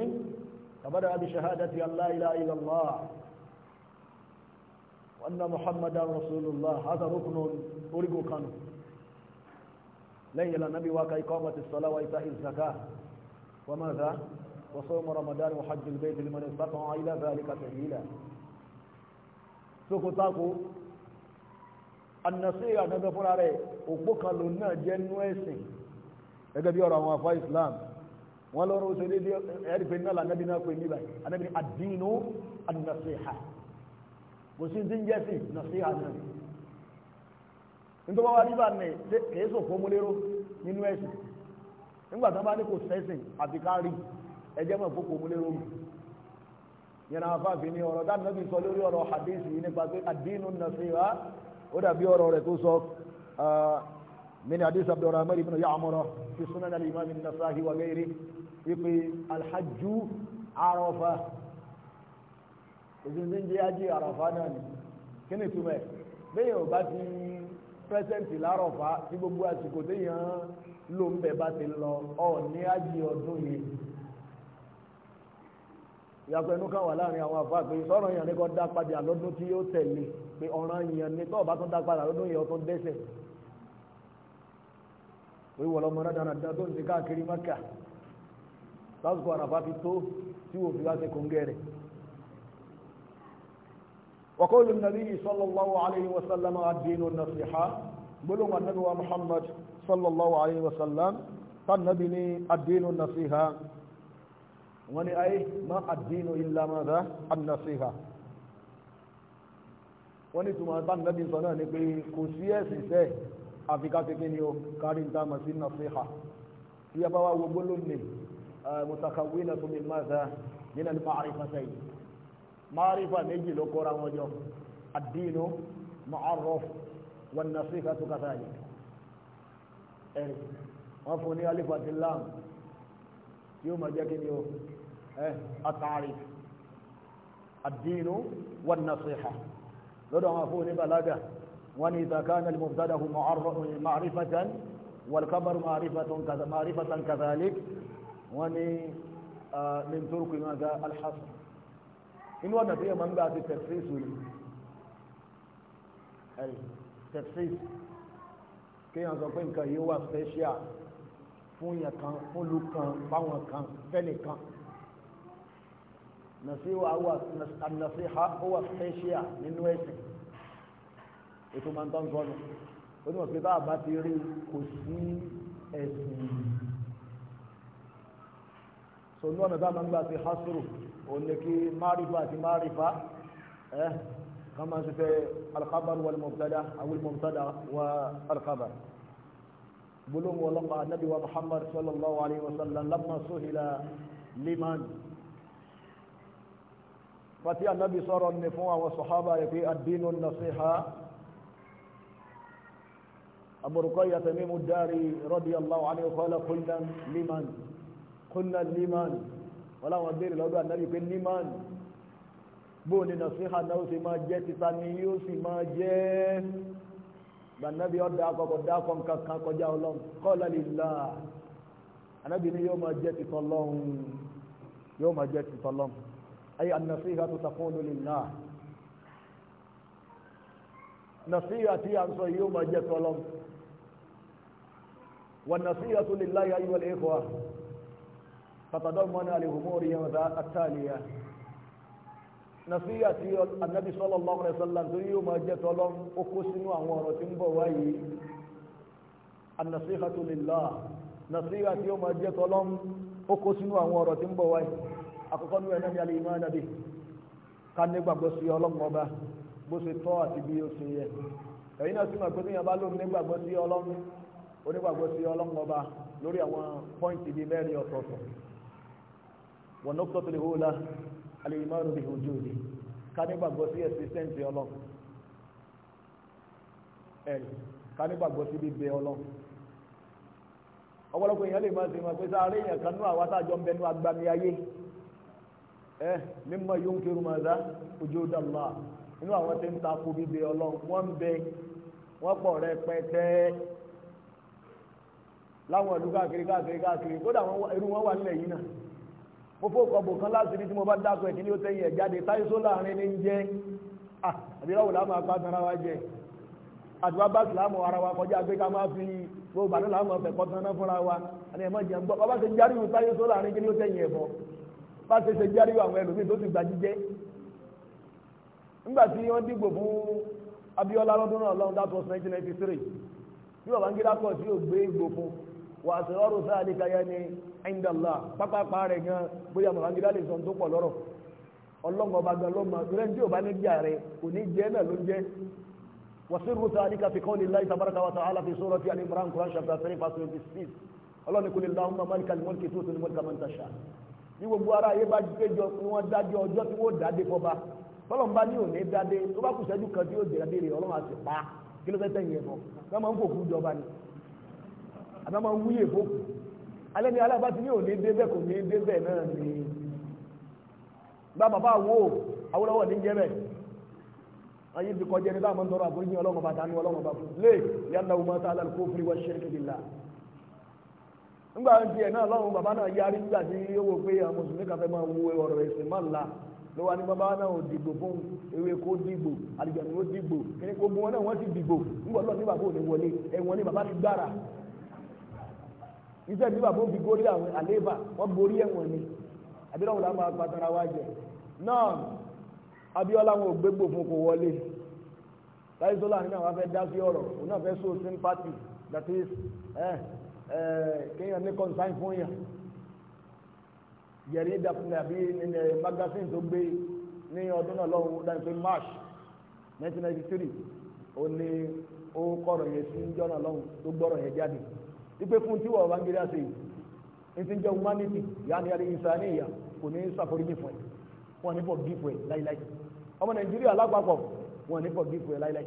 فبدأ بشهادة أن لا إله الله وأن محمدا رسول الله هذا ركن أرجو كانوا ليلة النبي واك إقامة الصلاة وإيتاء الزكاة وماذا وصوم رمضان وحج البيت لمن استطاع إلى ذلك سبيلا سوكو تاكو النصيحة نبي فراري وبوكا لنا gẹ́gẹ́ bí ọ̀rọ̀ àwọn afọ́ islam wọ́n lọ́rọ̀ òṣèlú ẹ̀rí náà lànàbí náà pè níbàá anábìnrin àdínú an-nasiha kò sí ti ń jẹ́ sí nàṣíhà náà nítorí wọn wá nígbà ní kìí sọ fún múlẹ́rọ nínú ẹ̀sìn nígbà tí wọn bá ní kò sẹ́sìn àti kárí ẹjẹ́ mọ̀ fún kò múlẹ́rọ mi yẹn àwọn afáàfin ní ọ̀rọ̀ dáná bí sọ lórí ọ̀rọ̀ hadith yìí nípa pé àdínú nàṣíhà ó dàbí ọ̀rọ̀ rẹ̀ tó sọ من حديث عبد الرحمن بن يعمر في سنن الإمام النسائي وغيره يقول الحج عرفة òsì ní jẹ́ ajé àràfà náà ni kí ni túmẹ̀ bẹ́ẹ̀ ò bá ti pẹ́sẹ́ǹtì lárọ̀fà tí gbogbo àsìkò téèyàn ló ń bẹ̀ bá ti lọ ọ̀ ní ajé ọdún yìí ìyàpẹ̀ inú kan wà láàrin àwọn àfáà pé sọ̀rọ̀ yẹn ní kò dá padà lọ́dún tí yóò tẹ̀lé pé ọ̀ràn yẹn ní tọ́ọ̀ bá tún dá padà lọ́dún yẹn ọtún dẹ́sẹ̀ pé wọ́n lọ́mọ náà dáná tó ń ti káàkiri Mẹ́kà lásìkò àràfà fi tó tí wò fi wá sí kóńgẹ́ rẹ̀ وقول النبي صلى الله عليه وسلم الدين النصيحة بلغ النبي محمد صلى الله عليه وسلم فالنبي الدين النصيحة وني أي ما الدين إلا ماذا النصيحة وني ثم النبي صلى الله عليه وسلم كسية سيسة أفكا تكينيو كارين تامسي النصيحة في أبوا وقولوا لي متخونة من ماذا من المعرفتين márífà méjì ló kóra wọn jọ àdínú ma'arruf wọn nasiha tó kàtà yìí ẹ̀rì wọ́n fún ní alif àti lam yóò máa jẹ́ kí ni o ẹ̀ àtàrí àdínú wọn nasiha lọ́dọ̀ àwọn fún ní balaga wọ́n ní ìtàkánà mubtadahu ma'rifatan والخبر معرفة كذا معرفة كذلك وني من ترك ماذا الحصر inú ọ̀nà tó yẹ máa ń gbà ṣe tẹ̀síṣù ni ẹ̀rì tẹ̀síṣù kéèyàn sọ pé nǹkan yìí wà special fún yẹn kan fún lu kan fáwọn kan fẹ́nì kan nàṣíhà wà special nínú ẹ̀sìn ètò máa ń tọ́ ń sọ ni ó ní wọ́n pé bá a bá ti rí kò sí ẹ̀sìn yìí so ní ọ̀nà táwọn gbà sí hasuru òun ni kí máàrífà àti máàrífà ẹ kàn máa ṣe fẹ́ alkhabar wal mubtada awil mubtada wa alkhabar gbólóhùn ọlọ́pàá anabi wa muhammad sallallahu alayhi wa sallam lamma suhila liman pàtí anabi sọ̀rọ̀ ní fún àwọn sọ̀hábà rẹ̀ pé ad-dinu nasiha aburukọ yatamimu dari radiyallahu anhu qala kullan liman kúnlá nímánì wọ́n láwọn béèrè lọ́dọ̀ ànábì pé nímánì bóun ni nàṣíhà náà ó sì máa jẹ́ títa ni yóò sì máa jẹ́ gbànábì ọ̀dà akọkọ̀ dákọ̀ kankan kọjá ọlọ́run kọ́lá lílá ànábì ni yóò máa jẹ́ títọ́ lọ́hùn yóò máa jẹ́ títọ́ lọ́hùn ayé ànàṣíhà tó takún lólìlá nàṣíhà tí a ń sọ yóò máa jẹ́ tọ́lọ́hùn wà nàṣíhà tó lè láyé ayé wọlé فتضمن لأمور التالية nasiya ti anabi sallallahu alaihi wasallam tó yóò máa jẹ́ tọ́lọ́ ó kó sínú àwọn ọ̀rọ̀ tí ń bọ̀ wáyé anasihatu lillah nasiya tí ó máa jẹ́ tọ́lọ́ ó kó sínú àwọn ọ̀rọ̀ tí ń bọ̀ wáyé àkọ́kọ́ ní ẹ̀nà ní alẹ́ ìmọ̀ ẹ̀nàbì ká nígbàgbọ́ sí ọlọ́run ọba bó ṣe tọ́ àti bí ó ṣe yẹ ẹ̀yin náà sì mọ̀ pé tíyan bá lóun nígbàgbọ́ sí ọlọ́run onígbàgbọ́ sí ọlọ́run ọba lórí àwọn pọ́ìntì bíi mẹ́rin ọ̀tọ̀ọ̀tọ̀ والنقطة الأولى الإيمان بوجوده ká ní gbàgbọ́ sí existence Ọlọ́run ẹ̀rì ká ní gbàgbọ́ sí bíbẹ Ọlọ́run ọ̀pọ̀lọpọ̀ èèyàn lè máa ṣe máa pé sáré èèyàn kan nú àwọn àtàjọ ń bẹnu agbami ayé ẹ mímọ yóò ń kéru máa dá ojú ó dàlá inú àwọn tí ń ta kó bíbẹ Ọlọ́run wọ́n ń bẹ wọ́n pọ̀ rẹpẹtẹ láwọn ìlú káàkiri káàkiri káàkiri kódà irú wọn wà nílẹ̀ yìí náà mo fókọ̀ bò kan láti rí tí mo bá dákọ̀ ẹ̀kí ní ó tẹ́yìn ẹ̀jáde táyé só láàrin ní jẹ́ àbíláwò láàmà pa tara wa jẹ àtiwá bá sìláàmù ara wa kọjá pé ká máa fi gbogbo bàtà láàmù ọ̀fẹ̀kọ́ tán náà fúnra wa àti ẹ̀mọ́ jẹ́ gbọ́ bá ṣe járí ìwò táyé só láàrin kí ní ó tẹ́yìn ẹ̀bọ bá ṣe ṣe járí àwọn ẹlòmíì tó ti gbà jíjẹ́ nígbà tí wọ́n dìgbò fún Abíọ́lá lọ́dún náà lọ́dún that was 1993 bí bàbá ń gé dákọ̀ tí yóò gbé ìgbò fún wà àṣírọ́rù sáàlìkà yẹn ni indala pápápá rẹ̀ gan bóyá mọ̀lángídá lè sọ tó pọ̀ lọ́rọ̀ ọlọ́ngọba gan ló mọ̀ ìrẹ́ tí ò bá ní bíà rẹ̀ kò ní jẹ́ náà ló jẹ́ wàṣírù sáàlìkà fi kọ́ nílá ìtàbárakà wa ta'ala fi surati al-imran quran chapter three verse twenty six ọlọ́ni kò lè la ọmọ mọ́lìkà ní mọ́lìkì tó tó ní mọ́lìkà máa ní gbogbo ara ayé bá péjọ ni wọ́n dájọ́ ọjọ́ tí wọ́n dáde fọba fọlọ́n bá ní òní dáde tó bá kù sẹ́jú kan tí yóò jẹ́ dáde rè ọlọ́run àti pa kí ló fẹ́ tẹ̀yìn ẹ̀fọ́ wọ́n máa ń fòkú jọba ni àbámọ́ wúyè fókù alẹ́ ni aláàbá ti ní òní débẹ̀ kò ní débẹ̀ náà ni bá bàbá wo awúrọ́wọ̀ ní jẹ́bẹ̀ ayé ti kọjá ní bá àmọ́ ń tọrọ àforíjì ọlọ́run bá dání ọlọ́run bá fún lè yàtọ̀ ọmọ tá a lálẹ́ kó firi wá ṣẹ́rìkì bìlá nígbà tí ẹ̀ náà lọ́run bàbá náà yarí nígbà tí ó wò pé àwọn mùsùlùmí kan fẹ́ máa wo ọ̀rọ̀ ẹ̀sìn máa la ló wà ní bàbá náà ò dìgbò fún ewé kó dìgbò àlùjọ̀nù ó dìgbò kíní gbogbo wọn náà wọ́n ti dìgbò nígbà lọ́ọ̀ ní bàbá ò ní wọlé ẹ̀wọ̀n ní bàbá ti gbára iṣẹ́ bí bàbá òbí gorí àwọn àléébà wọ́n borí ẹ̀wọ̀n ni àbílẹ̀ òun làwọn agbátara wá jẹ náà Abíọ́lá wọn ò gbégbò fún kò wọlé láyé sọ́lá nínú àwọn afẹ́ dá sí ọ̀rọ̀ òun náà fẹ́ so sympathy that is kéèyàn ní consign fún yàn yẹ̀rí dàpọ̀ àbí magazine tó gbé ní ọdún náà lọ́wọ́ dáńtẹ́ march 1993 ó ní ó kọ̀rọ̀ yẹn sí jọ́nà lọ́wọ́ tó gbọ́rọ̀ yẹn jáde wípé fún tí wọ́n bá ń gírí àṣẹ yìí ní ti ń jẹ́ humanity ìyá ni àrí ìsà ní ìyà kò ní ṣàforíjì fún ẹ wọn ní fọ gífù ẹ láíláí ọmọ nàìjíríà lápapọ̀ wọn ní fọ gífù ẹ láíláí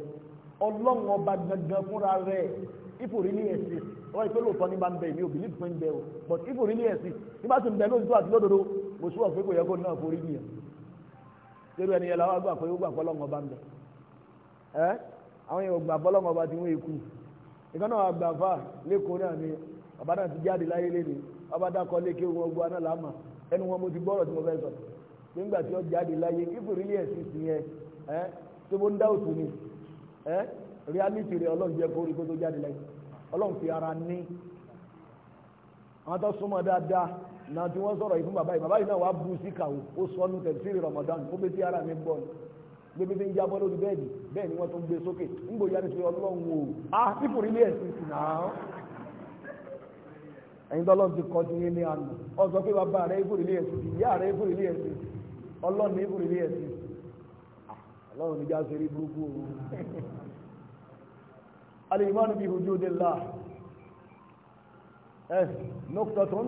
ọlọ́run bá ń bẹ ìmí òbí but ìfòrí ní ẹ̀sìn ní bá ti ń bẹ lóòótọ́ àti lódodo mo sọ pé kò yẹ kó náà forí nìyẹn lórí ẹni yẹn làwọn àgbà ìkan náà àgbàfà lẹ́kọ̀ọ́ náà ni bàbá náà ti jáde láyé lé ní bàbá dákọ̀ lé kí wọ́n gbọ́ aná làámà ẹnu wọn mo ti gbọ́rọ̀ tí mo fẹ́ sọ nígbà tí ó jáde láyé if really exist yẹn ẹ tó bó ń dá òtún ni reality rẹ ọlọ́run jẹ́ kó rí kó tó jáde láyé ọlọ́run fi ara ní àwọn tó súnmọ́ dáadáa náà tí wọ́n sọ̀rọ̀ yìí fún bàbá yìí bàbá yìí náà wàá bu síkàwó ó sọ ọ́nù tẹ̀síìrì Ramadan ó bẹ tí gbégbé bí ń jábọ́ lórí bẹ́ẹ̀dì bẹ́ẹ̀ ni wọ́n tún gbé sókè ńgbò yára sí ọlọ́run o ah pípò rí ilé ẹ̀sìn sì náà ẹ̀yin tọ́lọ́run ti kọ́ sí ilé àná ọ sọ pé bàbá rẹ ìfòrí ilé ẹ̀sìn sí ìyá rẹ ìfòrí ilé ẹ̀sìn ọlọ́run o alìmọ́nù bí ojú òde là ẹ̀ nọ́kítọ̀tún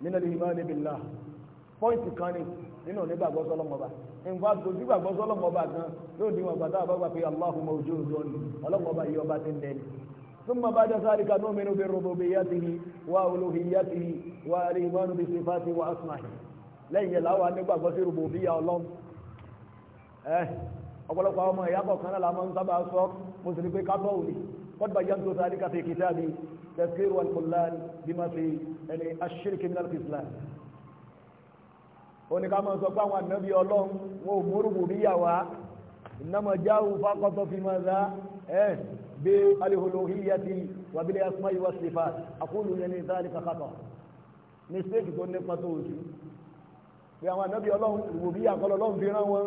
nínú alìmọ́nù bí là pọ́ìntì kan ni nínú onígbàgbọ́ sọlọ́mọba nǹkan àtòjú gbàgbọ́ sọlọ́mọba gan yóò dín wọn gbàtà àbágbà pé Allahu mawjudun ọlọ́mọba yìí ọba ti ń dẹni. ثم بعد ذلك نؤمن بربوبيته وألوهيته والإيمان بصفاته وأسمائه lẹ́yìn yẹn làwọn anígbàgbọ́ sí rububiyya ọlọ́run ẹ ọ̀pọ̀lọpọ̀ àwọn ọmọ ìyá kọ̀ọ̀kan náà la sábà sọ mo sì ní pé kábọ̀ òní qad bayyantu dhalika fi kitabi tazkir wal-kullal bima fi ẹni ash-shirk min oníkàmọ́ sọ pé àwọn ànábì ọlọ́run wọn ò múrùbù bí yàwá ìnámọ̀ jáwù fákọ́tọ̀ fi máa dá ẹ̀ bí alihuluhiyyati wa bil asma'i was sifat àkúlù yẹn ní dhalika khata mistake tó nípa tó oṣù pé àwọn ànábì ọlọ́run ìwòbí àkọlọ́ ọlọ́run fi rán wọn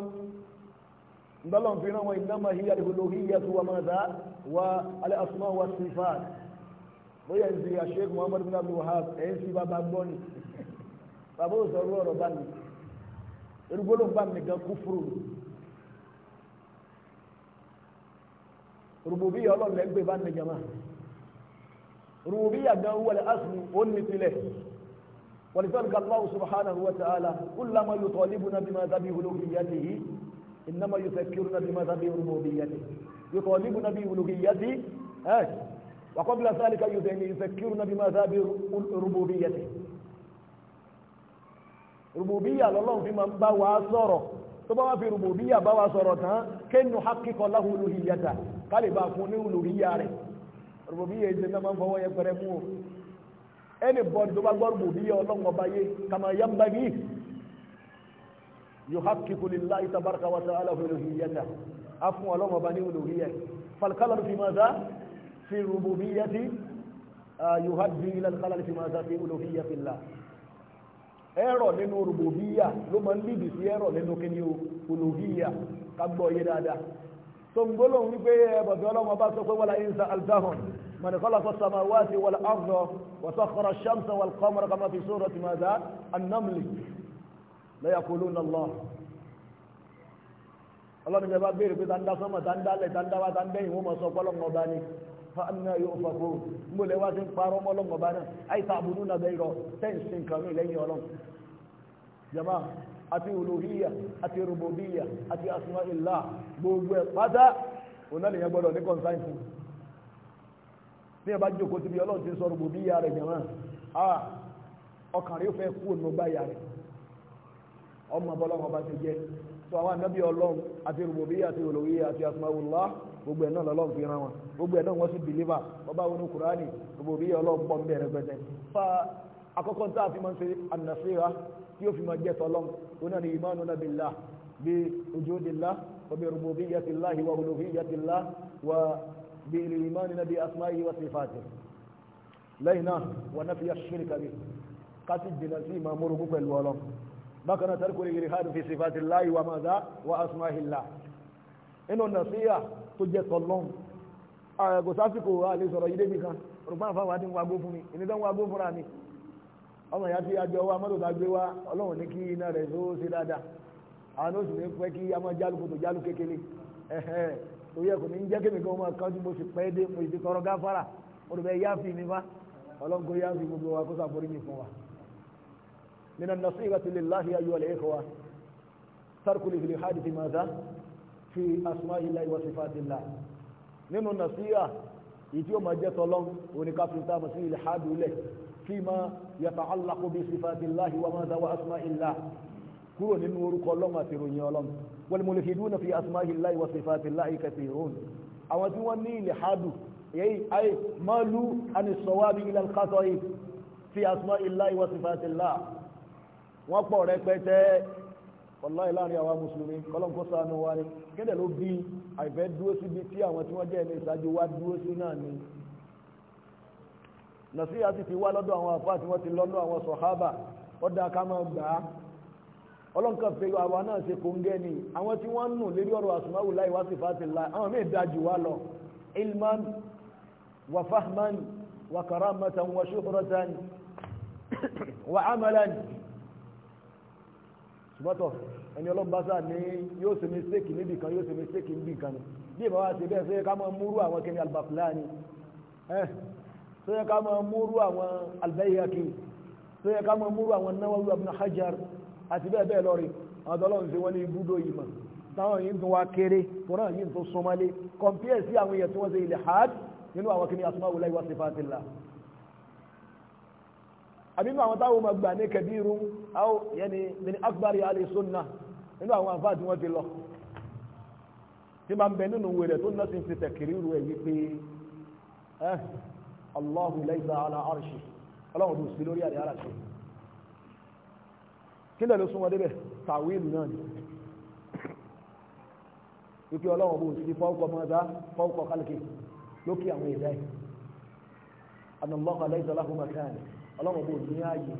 ndọ́lọ́n fi rán wọn ìnámọ̀ hi alihuluhiyyati wa máa dá wa al asma'i was sifat bóyá ń zi Sheikh Muhammad bin ọ̀rọ̀ bá torí gbólóhùn bá mi gan kúfúrú rububiyya ọlọ́run lẹ́gbẹ́ bá mi jama rububiyya gan wọlé asùn ó ní tilẹ̀ ولذلك الله سبحانه وتعالى كلما يطالبنا بما ذا بألوهيته إنما يذكرنا بما ذا بربوبيته يطالبنا بألوهيته آه. وقبل ذلك يذكرنا بما ذا بربوبيته rùbùbíyà lọ́lọ́run fi máa ń bá wa sọ̀rọ̀ tó bá wá fi rùbùbíyà bá wa sọ̀rọ̀ tán kéènù hakíkọ láhùn olùhìyàtà ká lè bá fún ní olùhìyà rẹ̀ rùbùbíyà ìṣe náà máa ń fọwọ́ yẹpẹrẹ mú o ẹnì bọ́ọ̀dì tó bá gbọ́ rùbùbíyà ọlọ́run ọba yé kàmá yambagi yuhakiku lillahi tabaraka wa ta'ala uluhiyyata bá ní uluhiyya falkalar fi maza fi rububiyyati ah, yuhaddi ila alkalar fi maza fi uluhiyyati ẹ̀rọ nínú rògbòbíyà ló máa ń lìdì sí ẹ̀rọ nínú kí ni o olùhíyà kagbọ́ yé dáadáa tó ń gbólóhùn wípé ẹ̀bọ̀dọ̀ ọlọ́run bá sọ pé wọ́n la ń sa altahun من خلق السماوات والأرض وسخر الشمس والقمر كما في سورة ماذا النمل لا يقولون الله الله ni fàánà yóò fọ́kó mo lè wá sí ń parọ́ mọ́ ọlọ́run ọba náà àìsàn àbùnú nàbẹ̀ ìrọ̀ tẹ́ǹsì nǹkan mi ya ọlọ́run jama àti olóhíyà àti rububiyya àti asma illah gbogbo ẹ̀ pátá n'i gbọ́dọ̀ ní kọ́nsáǹtì ní ẹ bá jókòó síbi ọlọ́run ti sọ rububiyya rẹ̀ jama ọkàn rí fẹ́ kú ònú gbáyà rẹ̀ ọmọ bọ́lọ́run ọba ti jẹ́ sọ àwọn anábì ọlọ́run àti rububiyya àti olóhíyà àti asma gbogbo ẹ̀ náà lọ́lọ́ fi ran wọn gbogbo ẹ̀ náà wọ́n sì bìlíbà wọ́n bá wọnú kùránì gbogbo bí ọlọ́run pọ̀ ń bẹ̀rẹ̀ gbẹ̀dẹ̀ fa akọ́kọ́ tá a fi máa ń ṣe ànàṣíra tí ó fi máa jẹ́ tọ́lọ́m oná ni ìmánu náà bìlá bí oju di o ojúdìlá ọbẹ̀ rububiyatillah wa uluhiyatillah wa bí ṣe fàájì ìmánu náà bí asma'i wa sifati lẹ́yìn náà wọ́n náà fi yá ṣírìkà bí ká sì jìnà sí ìmọ̀ amórogún pẹ̀lú olo bákan náà tẹ́lẹ̀ kò lè rí hàdùn fi sifati láì wa máa dá wa la inú nàṣíyà tó jẹ́ tọ́lọ́hùn ah, kò sásìkò àlè sọ̀rọ̀ yìí débi kan rògbọ́n àfáà wà á ti ń wagbó fún mi èmi tó ń wagbó fúnra mi ọmọ ìyá tí a jọ wa mọ́tò tá a gbé wa ọlọ́run ní kí iná rẹ̀ tó ṣe dáadáa àwọn oṣù ní pẹ́ kí a máa jálù kòtò jálù kékeré ẹ̀hẹ́ torí ẹ̀kọ́ ní jẹ́ kémi kan máa kánjú mo sì pẹ́ dé mo sì ti tọrọ gáfárà mo rò bẹ́ yáàfì mi fa ọlọ́run kò yáàfì gbogbo wa kó sàforí mi fún wa. nínú nasihati lillahi ayyuhal ikhwa tarku li fi asma'illahi wa sifatillah nínú nàṣíyà ìtí ó máa jẹ́ tọ́lọ́n oníkàfíńtà mọ̀ sí ilhadu lẹ̀ fi ma yata'allaqu bi sifatillahi wa ma dawa asma'illah kúrò nínú orúkọ ọlọ́run àti ìròyìn ọlọ́run wal mulhiduna fi asma'illahi wa sifatillahi kathirun àwọn tí wọ́n ní ilhadu yẹ́yí ayé malu ani sawabi ila wọ́n pọ̀ rẹpẹtẹ wàláì láàrin àwọn mùsùlùmí kọ́lọ́n kó sànù wa ni gẹ́dẹ̀ ló bí àìfẹ́ dúró síbi tí àwọn tí wọ́n jẹ́ ẹni ìṣáájú wa dúró sí náà ni nàṣíyà sì ti wá lọ́dọ̀ àwọn àfáà tí wọ́n ti lọ́dọ̀ àwọn sọ̀hábà ọ̀dà ká máa gbà á ọlọ́nkà fẹ́ àwa náà ṣe wa amalan ṣùgbọ́tọ̀ ẹni ọlọ́gbàsá ní yóò ṣe mistake níbì kan yóò ṣe mistake níbì kan ni bí ìbáwá ṣe bẹ́ẹ̀ sọ́yẹ́ ká máa múrú àwọn kẹni albafulani sọ́yẹ́ ká máa múrú àwọn albayaki sọ́yẹ́ ká máa múrú àwọn nawawi ibn hajar àti bẹ́ẹ̀ bẹ́ẹ̀ lọ́rí àwọn tọ́lọ́run ṣe wọ́n ní ibùdó yìí mọ̀ táwọn compare sí àwọn èèyàn tí wọ́n ṣe ilẹ̀ hajj nínú àwọn àbínú àwọn táwọn ọmọ gbà ní kẹbírun àwọn yẹni mini akbari ali sunna nínú àwọn àfáà tí wọ́n ti lọ tí ma ń bẹ nínú wèrè tó náà ti fi tẹ̀kìrì rú ẹ̀ wípé ẹ́ eh, allahu laysa ala arshi ọlọ́run tó sí lórí àdé arṣi kí lẹ́lẹ́ súnmọ́ débẹ̀ tàwíìlù náà ni wípé ọlọ́run bó sí fọ́ọ̀kọ̀ mọ́ta fọ́ọ̀kọ̀ kálíkì lókè àwọn laysa lahu makan ọlọ́run bò ní ààyè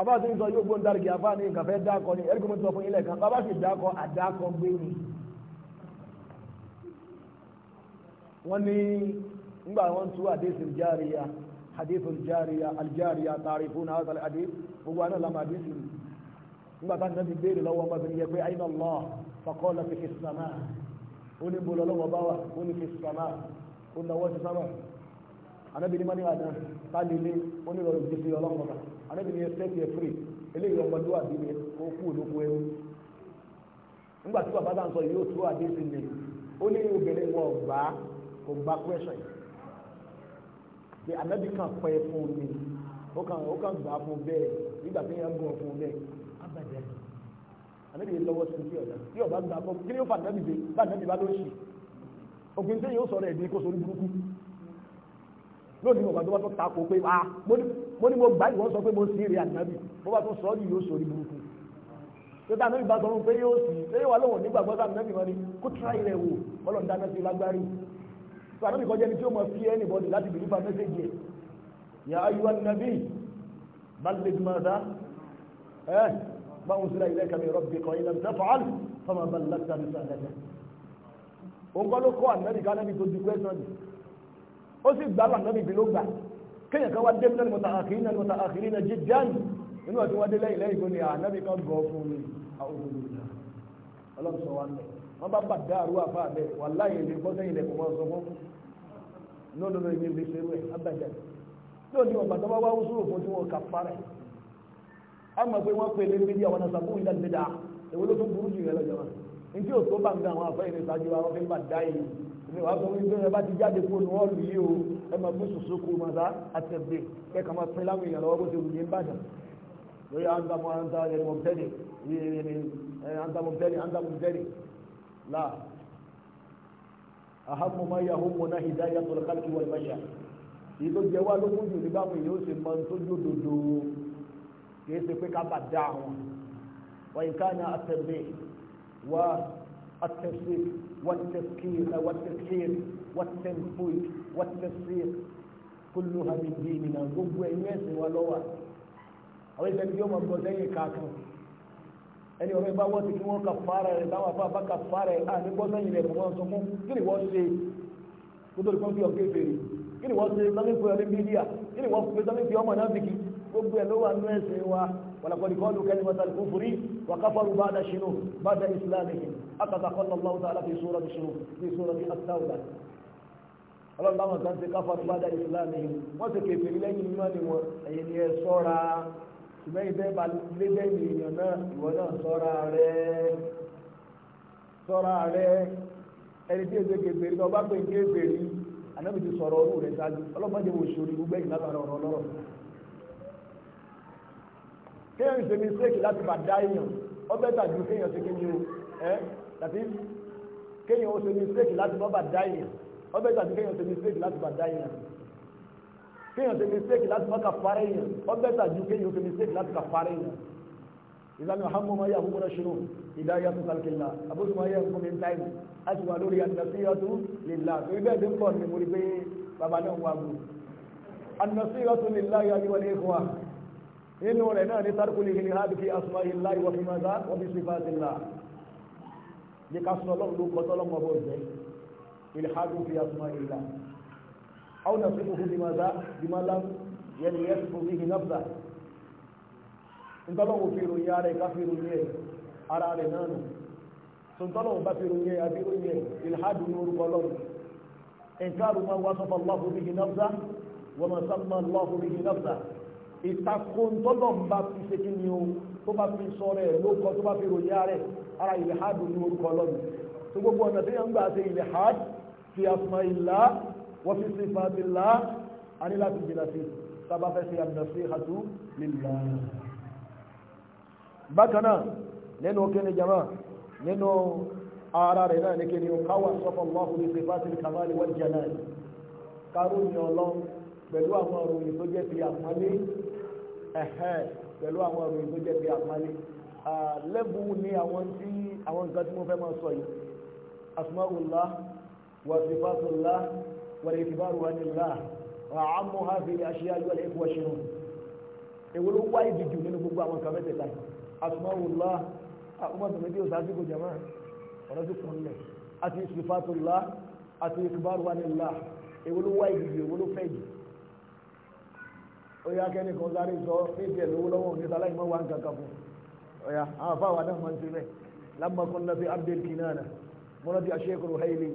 ọba tí ń sọ yóò gbóhùn dárìkì afá ní nǹkan fẹ́ dákọ ní ẹ̀rí kòmọ́tò ọkùnrin ilẹ̀ kan bàbá sì dákọ àdákọ gbé ni wọ́n ní nígbà wọn tú àdéhùn járíya àdéhùn járíya aljáríya tààrífún náà sàlẹ̀ àdé gbogbo àná làmà àdéhùn nígbà táwọn náà ti béèrè lọ́wọ́ ọmọ bìnrin sàmà ó lọ́wọ́ sàmà anabi ni maniwa dan tálílé onírọ̀rọ̀ gbèsè ọlọ́mọba anabi ni ẹsẹ̀kì ẹ̀fúrì eléyìí ọmọdúwà bí mi kó kú olóko ẹrú nígbà tí bàbá dáhùn sọ yìí yóò tó adé sí mi ó ní obìnrin wọn gbà á kò gba pẹ́sàn pé anabi kan pẹ́ fún mi ó kàn ó kàn gbà fún bẹ́ẹ̀ nígbà tí yẹn gùn fún bẹ́ẹ̀ abàjẹ́ anabi yìí lọ́wọ́ sí sí ọ̀dà tí ọba gbà fún kí ni ó fa anabi dé bá anabi bá ló ṣì ògùn tí yóò sọ̀rọ̀ ẹ̀ lónìí ọ̀gbà tó bá tó takò pé ah mo ní mo gbà ìwọ́n sọ pé mo sí rí ànábì bó bá tó sọ ọ́ ní yóò sọ ní burúkú tó dáná ìbá sọ pé yóò sì lẹ́yìn wa lóhùn nígbàgbọ́ sáà nẹ́bì wọn ni kó tíra ilẹ̀ wò ọlọ́run dáná sí lágbárí tó àná nìkan jẹ́ ni tí ó mọ fi ẹni bọ́dì láti bìrì fa mẹ́sẹ̀gì ẹ̀ yà á yíwá balẹ̀ jùmọ̀dá ẹ̀ bá ń ó sì gbà lọ ànábì ìbílẹ̀ ó gbà kéèyàn kan wá dé mílẹ̀ mọ̀tà àkìrí náà mọ̀tà àkìrí náà jẹ́ jáàmì nínú ọ̀tí wọ́n dé lẹ́yìn lẹ́yìn gbóni ah, ànábì kan gọ̀ fún mi àwọn olùdíjà ọlọ́run sọ wa mẹ́ wọ́n bá bà dá àrú àfa àbẹ wà láyé ilé gbọ́ sẹ́yìn ilẹ̀kùn wọn sọ fún lọ́dọ̀dọ̀ ìmí ìbí ṣerú ẹ̀ abẹ́jẹ́ tí ó ní ọ̀gbà tó bá wá wúsùrù ni wàá sọ wípé ẹ bá ti jáde kó nu ọ́ọ̀lù yìí o ẹ máa bú sùsù kó máa sá àtẹ̀bẹ̀ kẹ́kà máa pín láwọn èèyàn lọ́wọ́ bó ṣe wù ní ìbàdàn lórí àǹdàmú àǹdàmọ̀tẹ́lẹ̀ àǹdàmọ̀tẹ́lẹ̀ àǹdàmọ̀tẹ́lẹ̀ là àhámú máa yà ìdáyà tó lọ́kàlùkì wọ̀ ìbáṣà èyí ṣe mọ tó jó التصديق والتفكير والتفكير والتنفيذ والتسليق كلها من ديننا gbogbo ẹ̀yìn ẹ̀sìn wa lọ́wọ́ àwọn ìgbà tí yóò máa gbọ́ sẹ́yìn kankan ẹni ọ̀rọ̀ ìgbà wọ́n ti kí wọ́n kà fara rẹ̀ táwọn afọ àbá kà fara rẹ̀ à ní gbọ́ sẹ́yìn rẹ̀ fún wọn sọ fún kí ni wọ́n ṣe kó tó lè fọ́n fi ọ̀gẹ́ fèrè kí ni wọ́n ṣe sọ́mí fún ẹni mídíà kí ni wọ́n fi sọ́mí fi ọmọ náà fi kí gbogbo ẹ̀ ló wà nínú ẹ̀sìn wa wàlàkọ̀dìkọ́ وكفروا بعد شنو بعد إسلامهم أقد قال الله تعالى في سورة شنو في سورة التوبة ọlọ́run bá wọn kan ti káfà tó bá dá ìsìláàmù yìí wọ́n ti kèfè lẹ́yìn mímọ́ ni wọ́n ẹ̀yìn ni ẹ sọ́ra ṣùgbọ́n ìfẹ́ bá lébẹ́ ènìyàn náà ìwọ náà sọ́ra rẹ sọ́ra rẹ ẹni tí èsè kèfè rí ọba pé kéfè rí anábìtì sọ̀rọ̀ ọ̀rọ̀ rẹ̀ ṣáájú ọlọ́pàá jẹ́ wòṣòrí gbogbo ẹ̀yìn lábàárọ̀ ọ̀rọ̀ ọlọ́rọ̀ kéèyàn ṣe mistake láti bà dá èèyàn ó bẹ́ẹ̀ tàbí kéèyàn ṣe kéèyàn o ẹ́ eh, tàbí kéèyàn ó ṣe mistake láti bá bà dá èèyàn ó bẹ́ẹ̀ tàbí kéèyàn ṣe mistake láti bà dá èèyàn kéèyàn ṣe mistake láti bá kàfàrà èèyàn ó bẹ́ẹ̀ tàbí kéèyàn ṣe mistake láti kàfàrà èèyàn ìlànà àhámọ́ máa yà fún mọ́ra ṣinú ìdáyà tó sàlùkìlà àbúrò máa yà fún mi táìmù a ti wà lórí ànàsíyàtú lìlá torí bẹ́ẹ̀ ti ń pọ̀ ní mo rí yà ní nínú rẹ̀ náà ní tarkul ilhad fi asma'illahi wa fi maza wa fi sifatillah bí ká sọ ọlọ́run ló kọtọ́ lọ́mọ bó jẹ́ ilhad fi asma'illah aw nasibuhu bi maza bi ma lam yẹn yẹ sọ bihi nafsa ntọ́lọ́wọ́ fi ròyìn ara ká fi ròyìn ara rẹ̀ náà nù sọ̀tọ́lọ́wọ́ bá fi ròyìn ẹ̀ àbí ròyìn ẹ̀ ilhad ní orúkọ lọ́run إنكار ما وصف الله به نفسه وما سمى الله به نفسه ìtako ńtọ́lọ̀ ń bá fi ṣe kí ni o tó bá fi sọ rẹ̀ lóko tó bá fi ròyìn rẹ̀ ara ìlẹ̀hádùn ní orúkọ lọ́nà tó gbogbo ọ̀nà tí yẹn ń gbà ṣe ìlẹ̀hád fi àfihàn ìlà wọ́n fi ṣe fàdìlà a ní láti jìnà sí sábà fẹ́ ṣe àdìnàṣe àtú lílá bákan náà nínú kíni jama nínú ara rẹ̀ náà ní kíni o káwà sọ́fọ̀ lọ́hùn ní ṣe fàdìlì kàmáàlì wọ́n jẹ náà kárò ní ọlọ́run pẹ̀lú àwọn ìròyìn tó jẹ́ ti àpọ́nlé pẹ̀lú àwọn ìròyìn tó jẹ́ ti àpọ́nlé lẹ́bù ni àwọn tí àwọn nǹkan tí mo fẹ́ máa sọ yìí asmaullah wa sifatullah wa àmú ha fi aṣíyá yọ lẹ́kùn wa ṣẹun èwo nínú gbogbo àwọn nǹkan mẹ́tẹ̀ẹ̀ta asmaullah àwọn ò sáájú kò jẹ́ fẹ́ yìí ọ̀yà kẹ́ni kan sáré sọ péjì ẹ̀ lówó lọ́wọ́ òní sáláì mọ́ wá ń kankan fún ọ̀yà àwọn afáwà náà máa ń ṣe lámàkún náà fi abdul kinana mọ́nà ti aṣẹ́kù ruhaili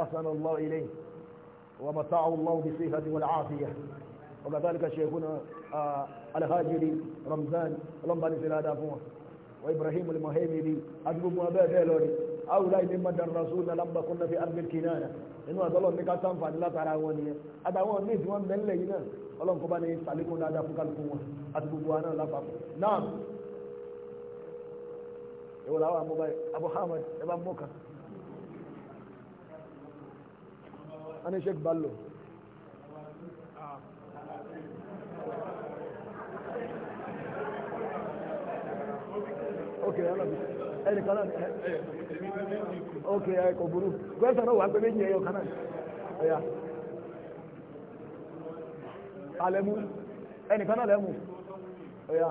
asanallah ilé wa mata'u allah bi sihati wal afiya wa kadhalika shaykhuna alhajiri ramzan ọlọ́mbani sílá dáa fún wa wa ibrahim al-mahemiri àti gbogbo abẹ́ẹ̀ bẹ́ẹ̀ lọ́rí àwùlá ìdí mọ́dàrà sóòlù alámbàkúnnà fi àgbẹ̀kì náà inú àtọ́lọ́ ní ká sáǹfààní látara wọn nìyẹn àtàwọn míì tí wọ́n mẹ́lẹ̀ yìí náà ọlọ́run kó bá ní sàlékún dáadáa fún kálukú wọn àti gbogbo wa náà lápapọ̀ náà ìwọ̀n làwọn àmúbá abu hamad ẹ bá mọ́ka wọ́n ní ballo Okay, I love you ẹnì kan náà ok ẹ kò burú gbẹ́sẹ̀ náà wà pé méjì ẹyọ kan náà ẹ̀yà alẹ́mú ẹnì kan náà lẹ́mú ẹ̀yà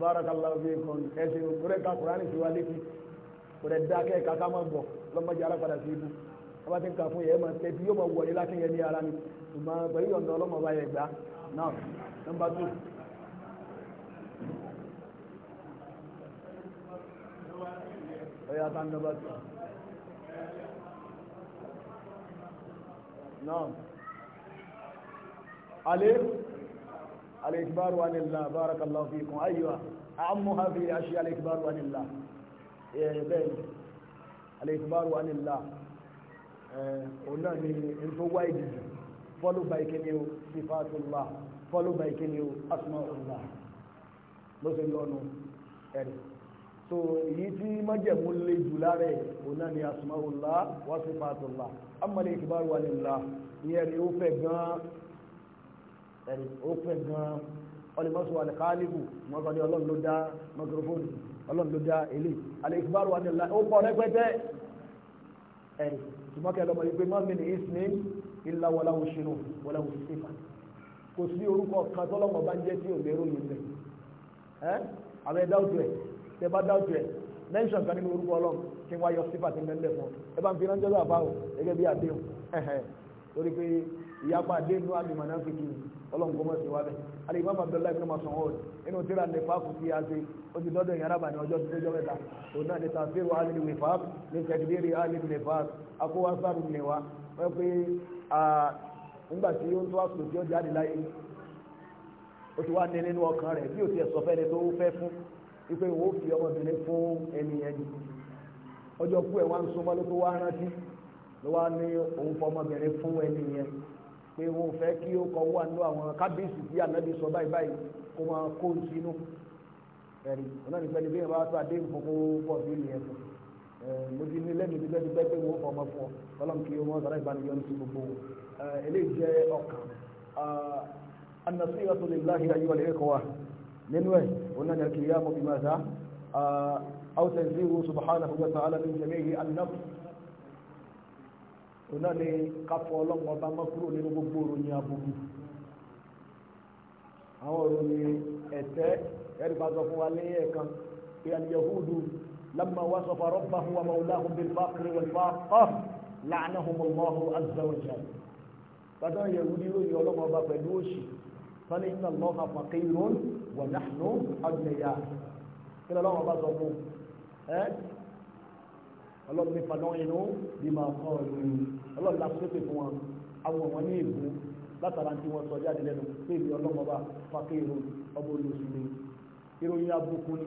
bárakàlá fi kàn ẹsẹ̀ òkúrẹ́ ká kùránì sí wa létí kò rẹ̀ dákẹ́ ká ká máa bọ̀ lọ́mọdé alápadà sí ibú ọba ti ń kà fún yẹn máa tẹ́tí yóò máa wọlé láti ní ara ni ṣùgbọ́n pẹ̀lú ọ̀dọ́ ọlọ́mọba yẹn gbá náà nọ́mbà 2 ọ̀yá tá nọ́mbà tù. Naam. Alif al-ikbar wa lillah barakallahu fikum aywa a'ammuha fi ashiya al-ikbar wa lillah. Eh bẹ́ẹ̀ al-ikbar wa lillah. Eh ọ̀nà ni en tó wá ìdìbò followed by kini o sifatullah followed by kini o asmaullah. Lọ́sẹ̀ lọ́nu ẹ̀rẹ̀ so èyí tí májẹ̀mú lè jù lára òun náà ni asmaullah wa sifatullah amọ̀lẹ̀ ìkìbáru alìlá ní ẹ̀rí ó fẹ́ gan-an ẹ̀rí ó fẹ́ gan-an ọlẹ́mọ́sọ alẹ́kálíkù mọ́kàn ní ọlọ́run ló dá microphone ọlọ́run ló dá èlé alẹ́ ìkìbáru alìlá ó pọ̀ rẹpẹtẹ ẹ̀rí tùmọ́kẹ́ lọ́mọ yìí pé mọ́mí ní ismin illa walahu shinu walahu sifa kò sí orúkọ kan tọ́lọ́mọ bá ń jẹ́ tí ò lérò yìí lẹ̀ ẹ́ àwọn ẹ̀dá òtún ẹ̀ tẹ bá dáwọ́ tiẹ̀ mẹ́ńsọ̀n kan nínú orúkọ ọlọ́run kí n wá yọ sífà tí mẹ́lẹ̀ fún ẹ bá ń fi ránṣẹ́ lọ́wọ́ àbáwò gẹ́gẹ́ bí àdéhùn torí pé ìyapa àdéhùn àlùmọ̀ náà fi kí ọlọ́run kó mọ̀ sí wa bẹ́ẹ̀ alimami abdullahi bin masahud inú tírà ní fáàkù tí a ṣe ó ti dọ́dọ̀ ìyára bá ní ọjọ́ tó lójọ́ mẹ́ta òun náà ní ipe wo fi ọmọbìnrin fún ẹni ẹni ọjọ́ kú ẹ̀ wá ń súnmọ́ ló tó wá rántí ló wá ní òun fọmọbìnrin fún ẹni yẹn pé òun fẹ́ kí ó kọ wà nínú àwọn kábíyèsí tí ànábì sọ báyìí báyìí kó máa kó sínú ẹ̀rí ọ̀nà nípa ẹni bí yẹn bá tó adé nǹkan kó pọ̀ sí ìlú yẹn fún mo ti ní lẹ́nu ti bẹ́ẹ̀ pé wọ́n fọmọ fún ọ kọ́lọ́m kí wọ́n sọ̀rọ̀ ìbánijọ́ ní ti gbogbo eléyìí jẹ́ ọkàn anasiyatu lillahi ayyuhal ikhwa nínú ẹ̀ onáni alkiyamu bí máa sá àwùsẹ̀ sí ìwò subhanahu wa ta'ala ní jẹ́mẹ́yìí annab onáni káfọ́ ọlọ́pàá bá mọ́ kúrò nínú gbogbo ìròyìn àbùkù àwọn ìròyìn ẹ̀tẹ́ ẹ̀rí bá sọ fún wa ní ẹ̀kan pé al-yahudu lamma wasafa rabbahum wa mawlahum bil-faqri wal-faqa la'anahum Allahu azza wa jalla bàtà yahudi lóyìn ọlọ́mọba pẹ̀lú òṣì sọ́lé iná lọ́ha fàkírún wà náà ọ̀gbẹ̀yà kí lọ́wọ́ bá sọ fún ẹ́ ọlọ́run ní fanáà inú bí máa kọ́ ọ̀rùn ọlọ́run láti pépè fún wọn àwọn ọmọ ní ìbú látara tí wọ́n sọ jáde lẹ́nu pé ìbí ọlọ́run ọba fàkírún ọba olùsùnlé ìròyìn abúkú ni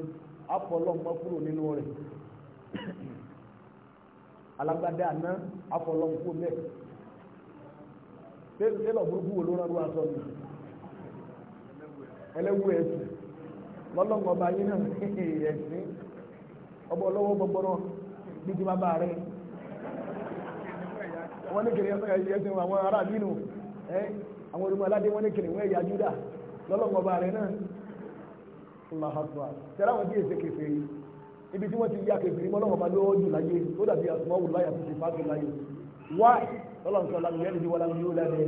afọlọ́mọ kúrò nínú rẹ̀ alágbádá àná afọlọ́mọ kúrò mẹ́ẹ̀ pé lọ́ burúkú wo ló rán ló wá sọ nìyí ẹlẹ́wù ẹ̀sìn lọ́lọ́gbọ̀n ọba yín náà ẹ̀sìn ọba ọlọ́wọ́ gbọgbọ́rọ́ bí ti bàbá rẹ̀ wọ́n ní kìnìún ẹ̀sìn ẹ̀sìn àwọn ará àdínù ẹ̀ àwọn olùmọ̀ aládé wọ́n ní kìnìún ẹ̀yà júdà lọ́lọ́gbọ̀n ọba rẹ̀ náà lọ́hàtúwà tẹ́lá wọn kí èsè kẹfẹ́ yìí ibi tí wọ́n ti yá kẹfẹ́ yìí mọ́lọ́wọ́ ọba lọ́wọ́ jù láyé ó dàbí àtúmọ̀wò láyà tó ti fà ọlọ́run sọ lámì yẹ́lì wàlámì yóò lẹ́dẹ̀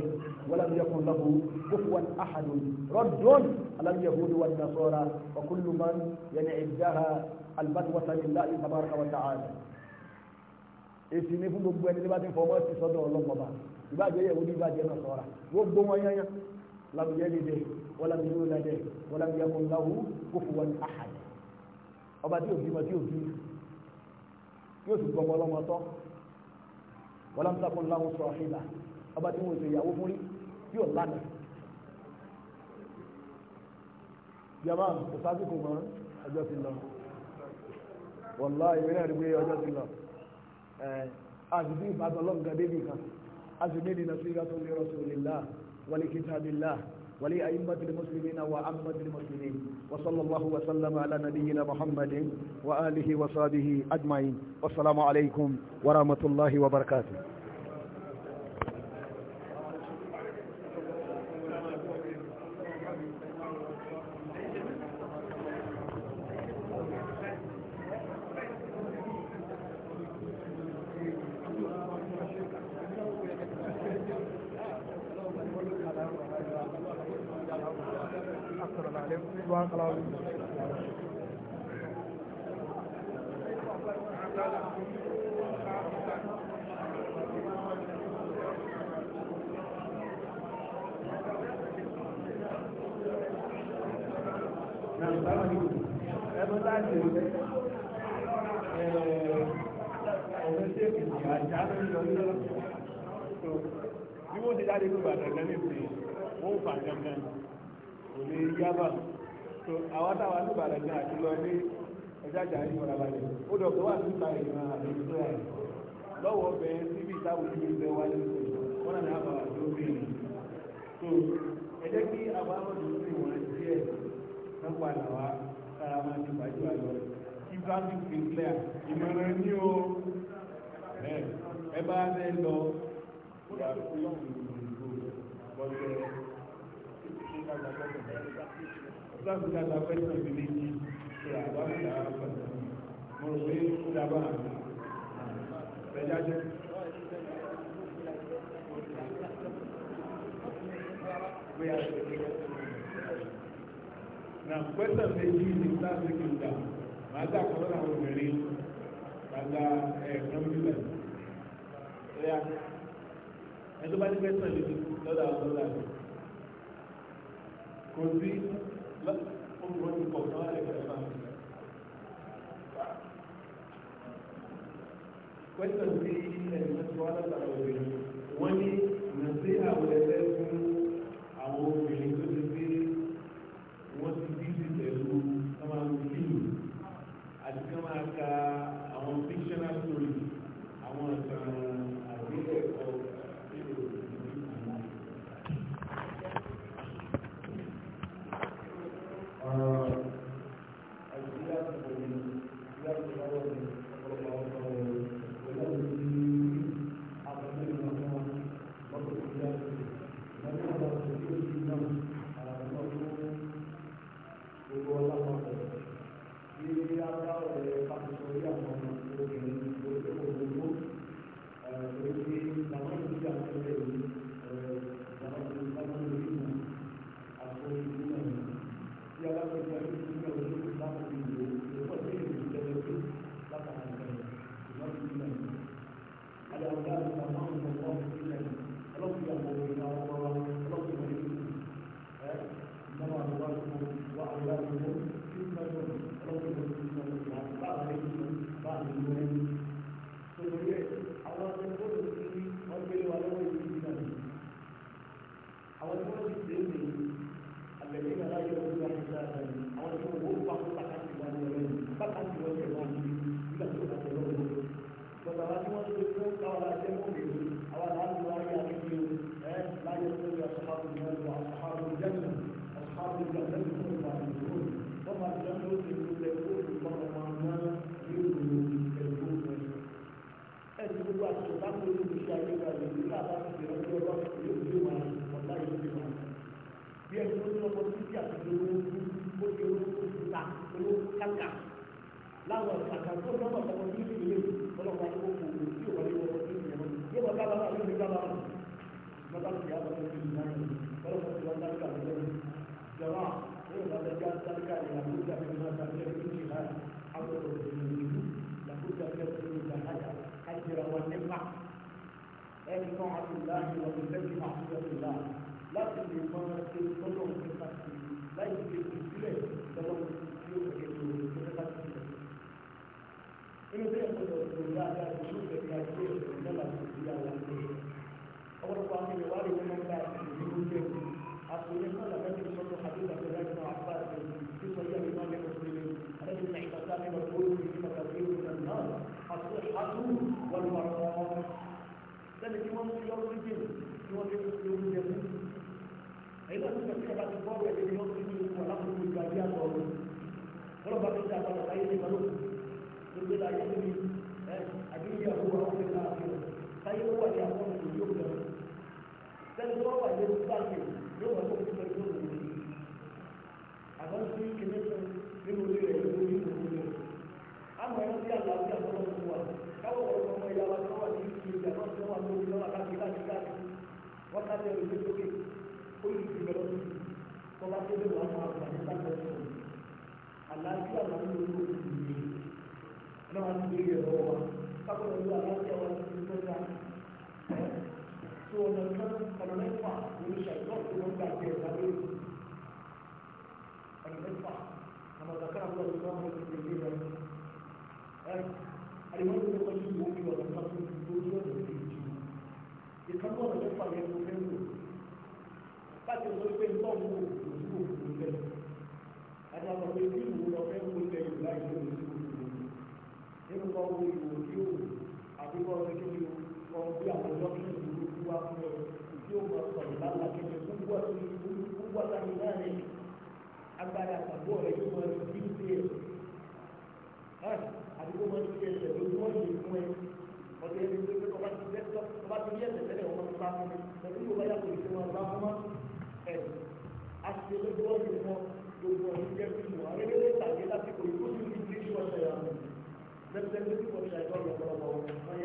wàlámì yẹ́kùn lọ́hù kófùwàn àhàdùn rọ́dùn alámì yahudu wà nasọ́ra ọkùnlù man yẹni ìjára albátiwata nílá ìtàbáraka wa ta'ala èsì ní fún gbogbo ẹni tí bá ti fọwọ́ sí sọ́dọ̀ ọlọ́mọba ìbájẹ́ yahudu ìbájẹ́ nasọ́ra gbogbo wọn yányá lámì yẹ́lì dẹ̀ wàlámì yóò lẹ́dẹ̀ wàlámì yẹ́kùn wọ́n lámúta kún láwọn sọ àfihàn ọba tí wọ́n ṣe ìyàwó fún rí yóò lánà yàrá kò sásìkò mọ́ ọjọ́ ti lọ wọ́lá ìrìnà rí pé ọjọ́ ti lọ àṣìṣe ìbátan lọ́nkà débì kan a ìdínà sí ìgbà tó lè rọ́ṣùn lè lá wọlé kìtàbí lá ولأئمة المسلمين وعامة المسلمين وصلى الله وسلم على نبينا محمد وآله وصحبه أجمعين والسلام عليكم ورحمة الله وبركاته gangan kò ní yábà tó àwọn táwa ní ìbàdàn náà ti lọ ní ẹjá ìjà yìí fọdà balẹ̀ ó dọ̀ tó wà sí ìbàdàn ìmọ̀ àti ìṣúra ẹ̀ lọ́wọ́ bẹ síbi ìtawọ̀ ìlú ìfẹ́ wa ní wọn náà bá wà tó bí tó ẹ jẹ́ kí àwọn amọ̀dé sí wọn díẹ̀ nípa làwa kára máa ti bàjú àlọ́ kí báńkì ìmọ̀ràn ní o ẹ bá fẹ́ lọ kó dà kó lọ́wọ́ ìgbòho bọ́sẹ̀ láti ká la fẹ́ tóbi méjì ṣe àbáfíà pẹ̀lú mo rò pé ó dábà rẹ̀dájọ́. na pẹ́sẹ̀ méjì ní láti kìlá máa dá kọ́ lọ́nà obìnrin gbàgbà ẹ̀ẹ̀kan mílẹ̀ ẹ̀yà ẹ̀tọ́ bá ní pẹ́sẹ̀ méjì lọ́dà lọ́dà lọ́dà kò sí olùwọ́n ti pọ̀ fún ààrẹ kẹfà pẹ́sàn sí ẹ̀yìn mẹ́tọ́ alátàrà obìnrin wọ́n تجعل ذلك لابد من هذا الاجتهاد حول الدين لابد من الاجتهاد اجر والنفع ان طاعه الله وبالتي معصيه الله لكن لما تنظر في القتل لا يمكن تشكيله لو يمكن تشكيله إنه يقول رسول الله لا تشوف الكافرين من الله سبحانه وتعالى أول قائل والد من كان يقول أقول لك lọ́sídìn tí wọ́n ti fi oúnjẹ mú. èyí náà tún tẹ̀sí ọba ti gbọ́ ọ̀rọ̀ ẹ̀dẹ́ ni wọ́n ti fi oúnjẹ wọn láti fi gbàgbé àgbọ̀ ọ̀rọ̀. ọlọ́ba ti dá àgbàdo ayé ní ìbálò gbogbo la yẹ kí àdéhùn àwọn àwọn ọ̀rẹ́ náà fi táyé ó wà ní àwọn ọ̀rẹ́ yóò gbẹ sẹ́ni tó wà ní báńkì yóò wà fún ìfẹ́ tó lò ní àbọ̀ sí kìnìún nínú ilé rẹ̀ lórí ìlú rẹ̀ àmọ́ ẹni tí àlàáfíà tó lọ́wọ́ wa káwọ́ ọ̀rọ̀ ọmọ ìyá wa tó wà ní ìlú ìjà náà tó wà lórí lọ́wọ́ wọ́n ká lè rí lókè ó yìí ti bẹ̀rẹ̀ sí tó bá tó lè wà fún àgbà ní sáà lọ́wọ́ sọ̀rọ̀ àlàáfíà máa ń lò ó ti yé ẹ máa ti bèrè ẹ̀rọ wa kápẹ́ ìlú àlàáfíà wa ti tó dá tó ọ̀nà kan ọ̀nà mẹ́fà lórí ṣàìsàn tó wọ́n gbà jẹ́ ìgbà lórí ọ̀nà mẹ́fà àmọ̀ ìdàkàrà bọ́ọ̀lù tó wọ́n ti tẹ̀lé rẹ̀ ẹ̀ àdìmọ́ tó kọjú ìwọ́n ti wọ̀ nǹkan tó ọ̀nà mẹ́fà yẹn ló fẹ́ lò láti sọ pé ń tọ́wọ́ òṣù òkú lẹ̀ àti àwọn ọmọ ìlú ìwò lọ fẹ́ wọ ilẹ̀ Yorùbá ìlú òṣù òkú nínú kan wo ìwò tí ó àbí kan ọ̀rẹ́ kí ni o kan bí àwọn ọjọ́ kí ni ìlú tó wá fún ẹ tí ó mọ sọ̀rọ̀ lálá kí ni gbogbo àti gbogbo àtàkì náà rẹ̀ agbára àtàkù ọ̀rẹ́ yóò máa ti bí ti ẹ̀ àdúgbò máa ti ti ẹsẹ̀ lójú ọ̀yẹ̀ fún ẹ ọ̀dẹ̀ ẹni tó fẹ́ kọ́ bá ti bá ti rí ẹ̀sẹ̀ tẹ́lẹ̀ wọn ti bá fún mi pẹ̀lú ìwọ bá yàtọ̀ ìṣẹ́ wọn bá fún mọ́ ẹ̀sìn àṣìṣe lójú wọn ti mọ gbogbo ọ̀hún jẹ́ fún mi àwọn eré tàbí lásìkò ìkó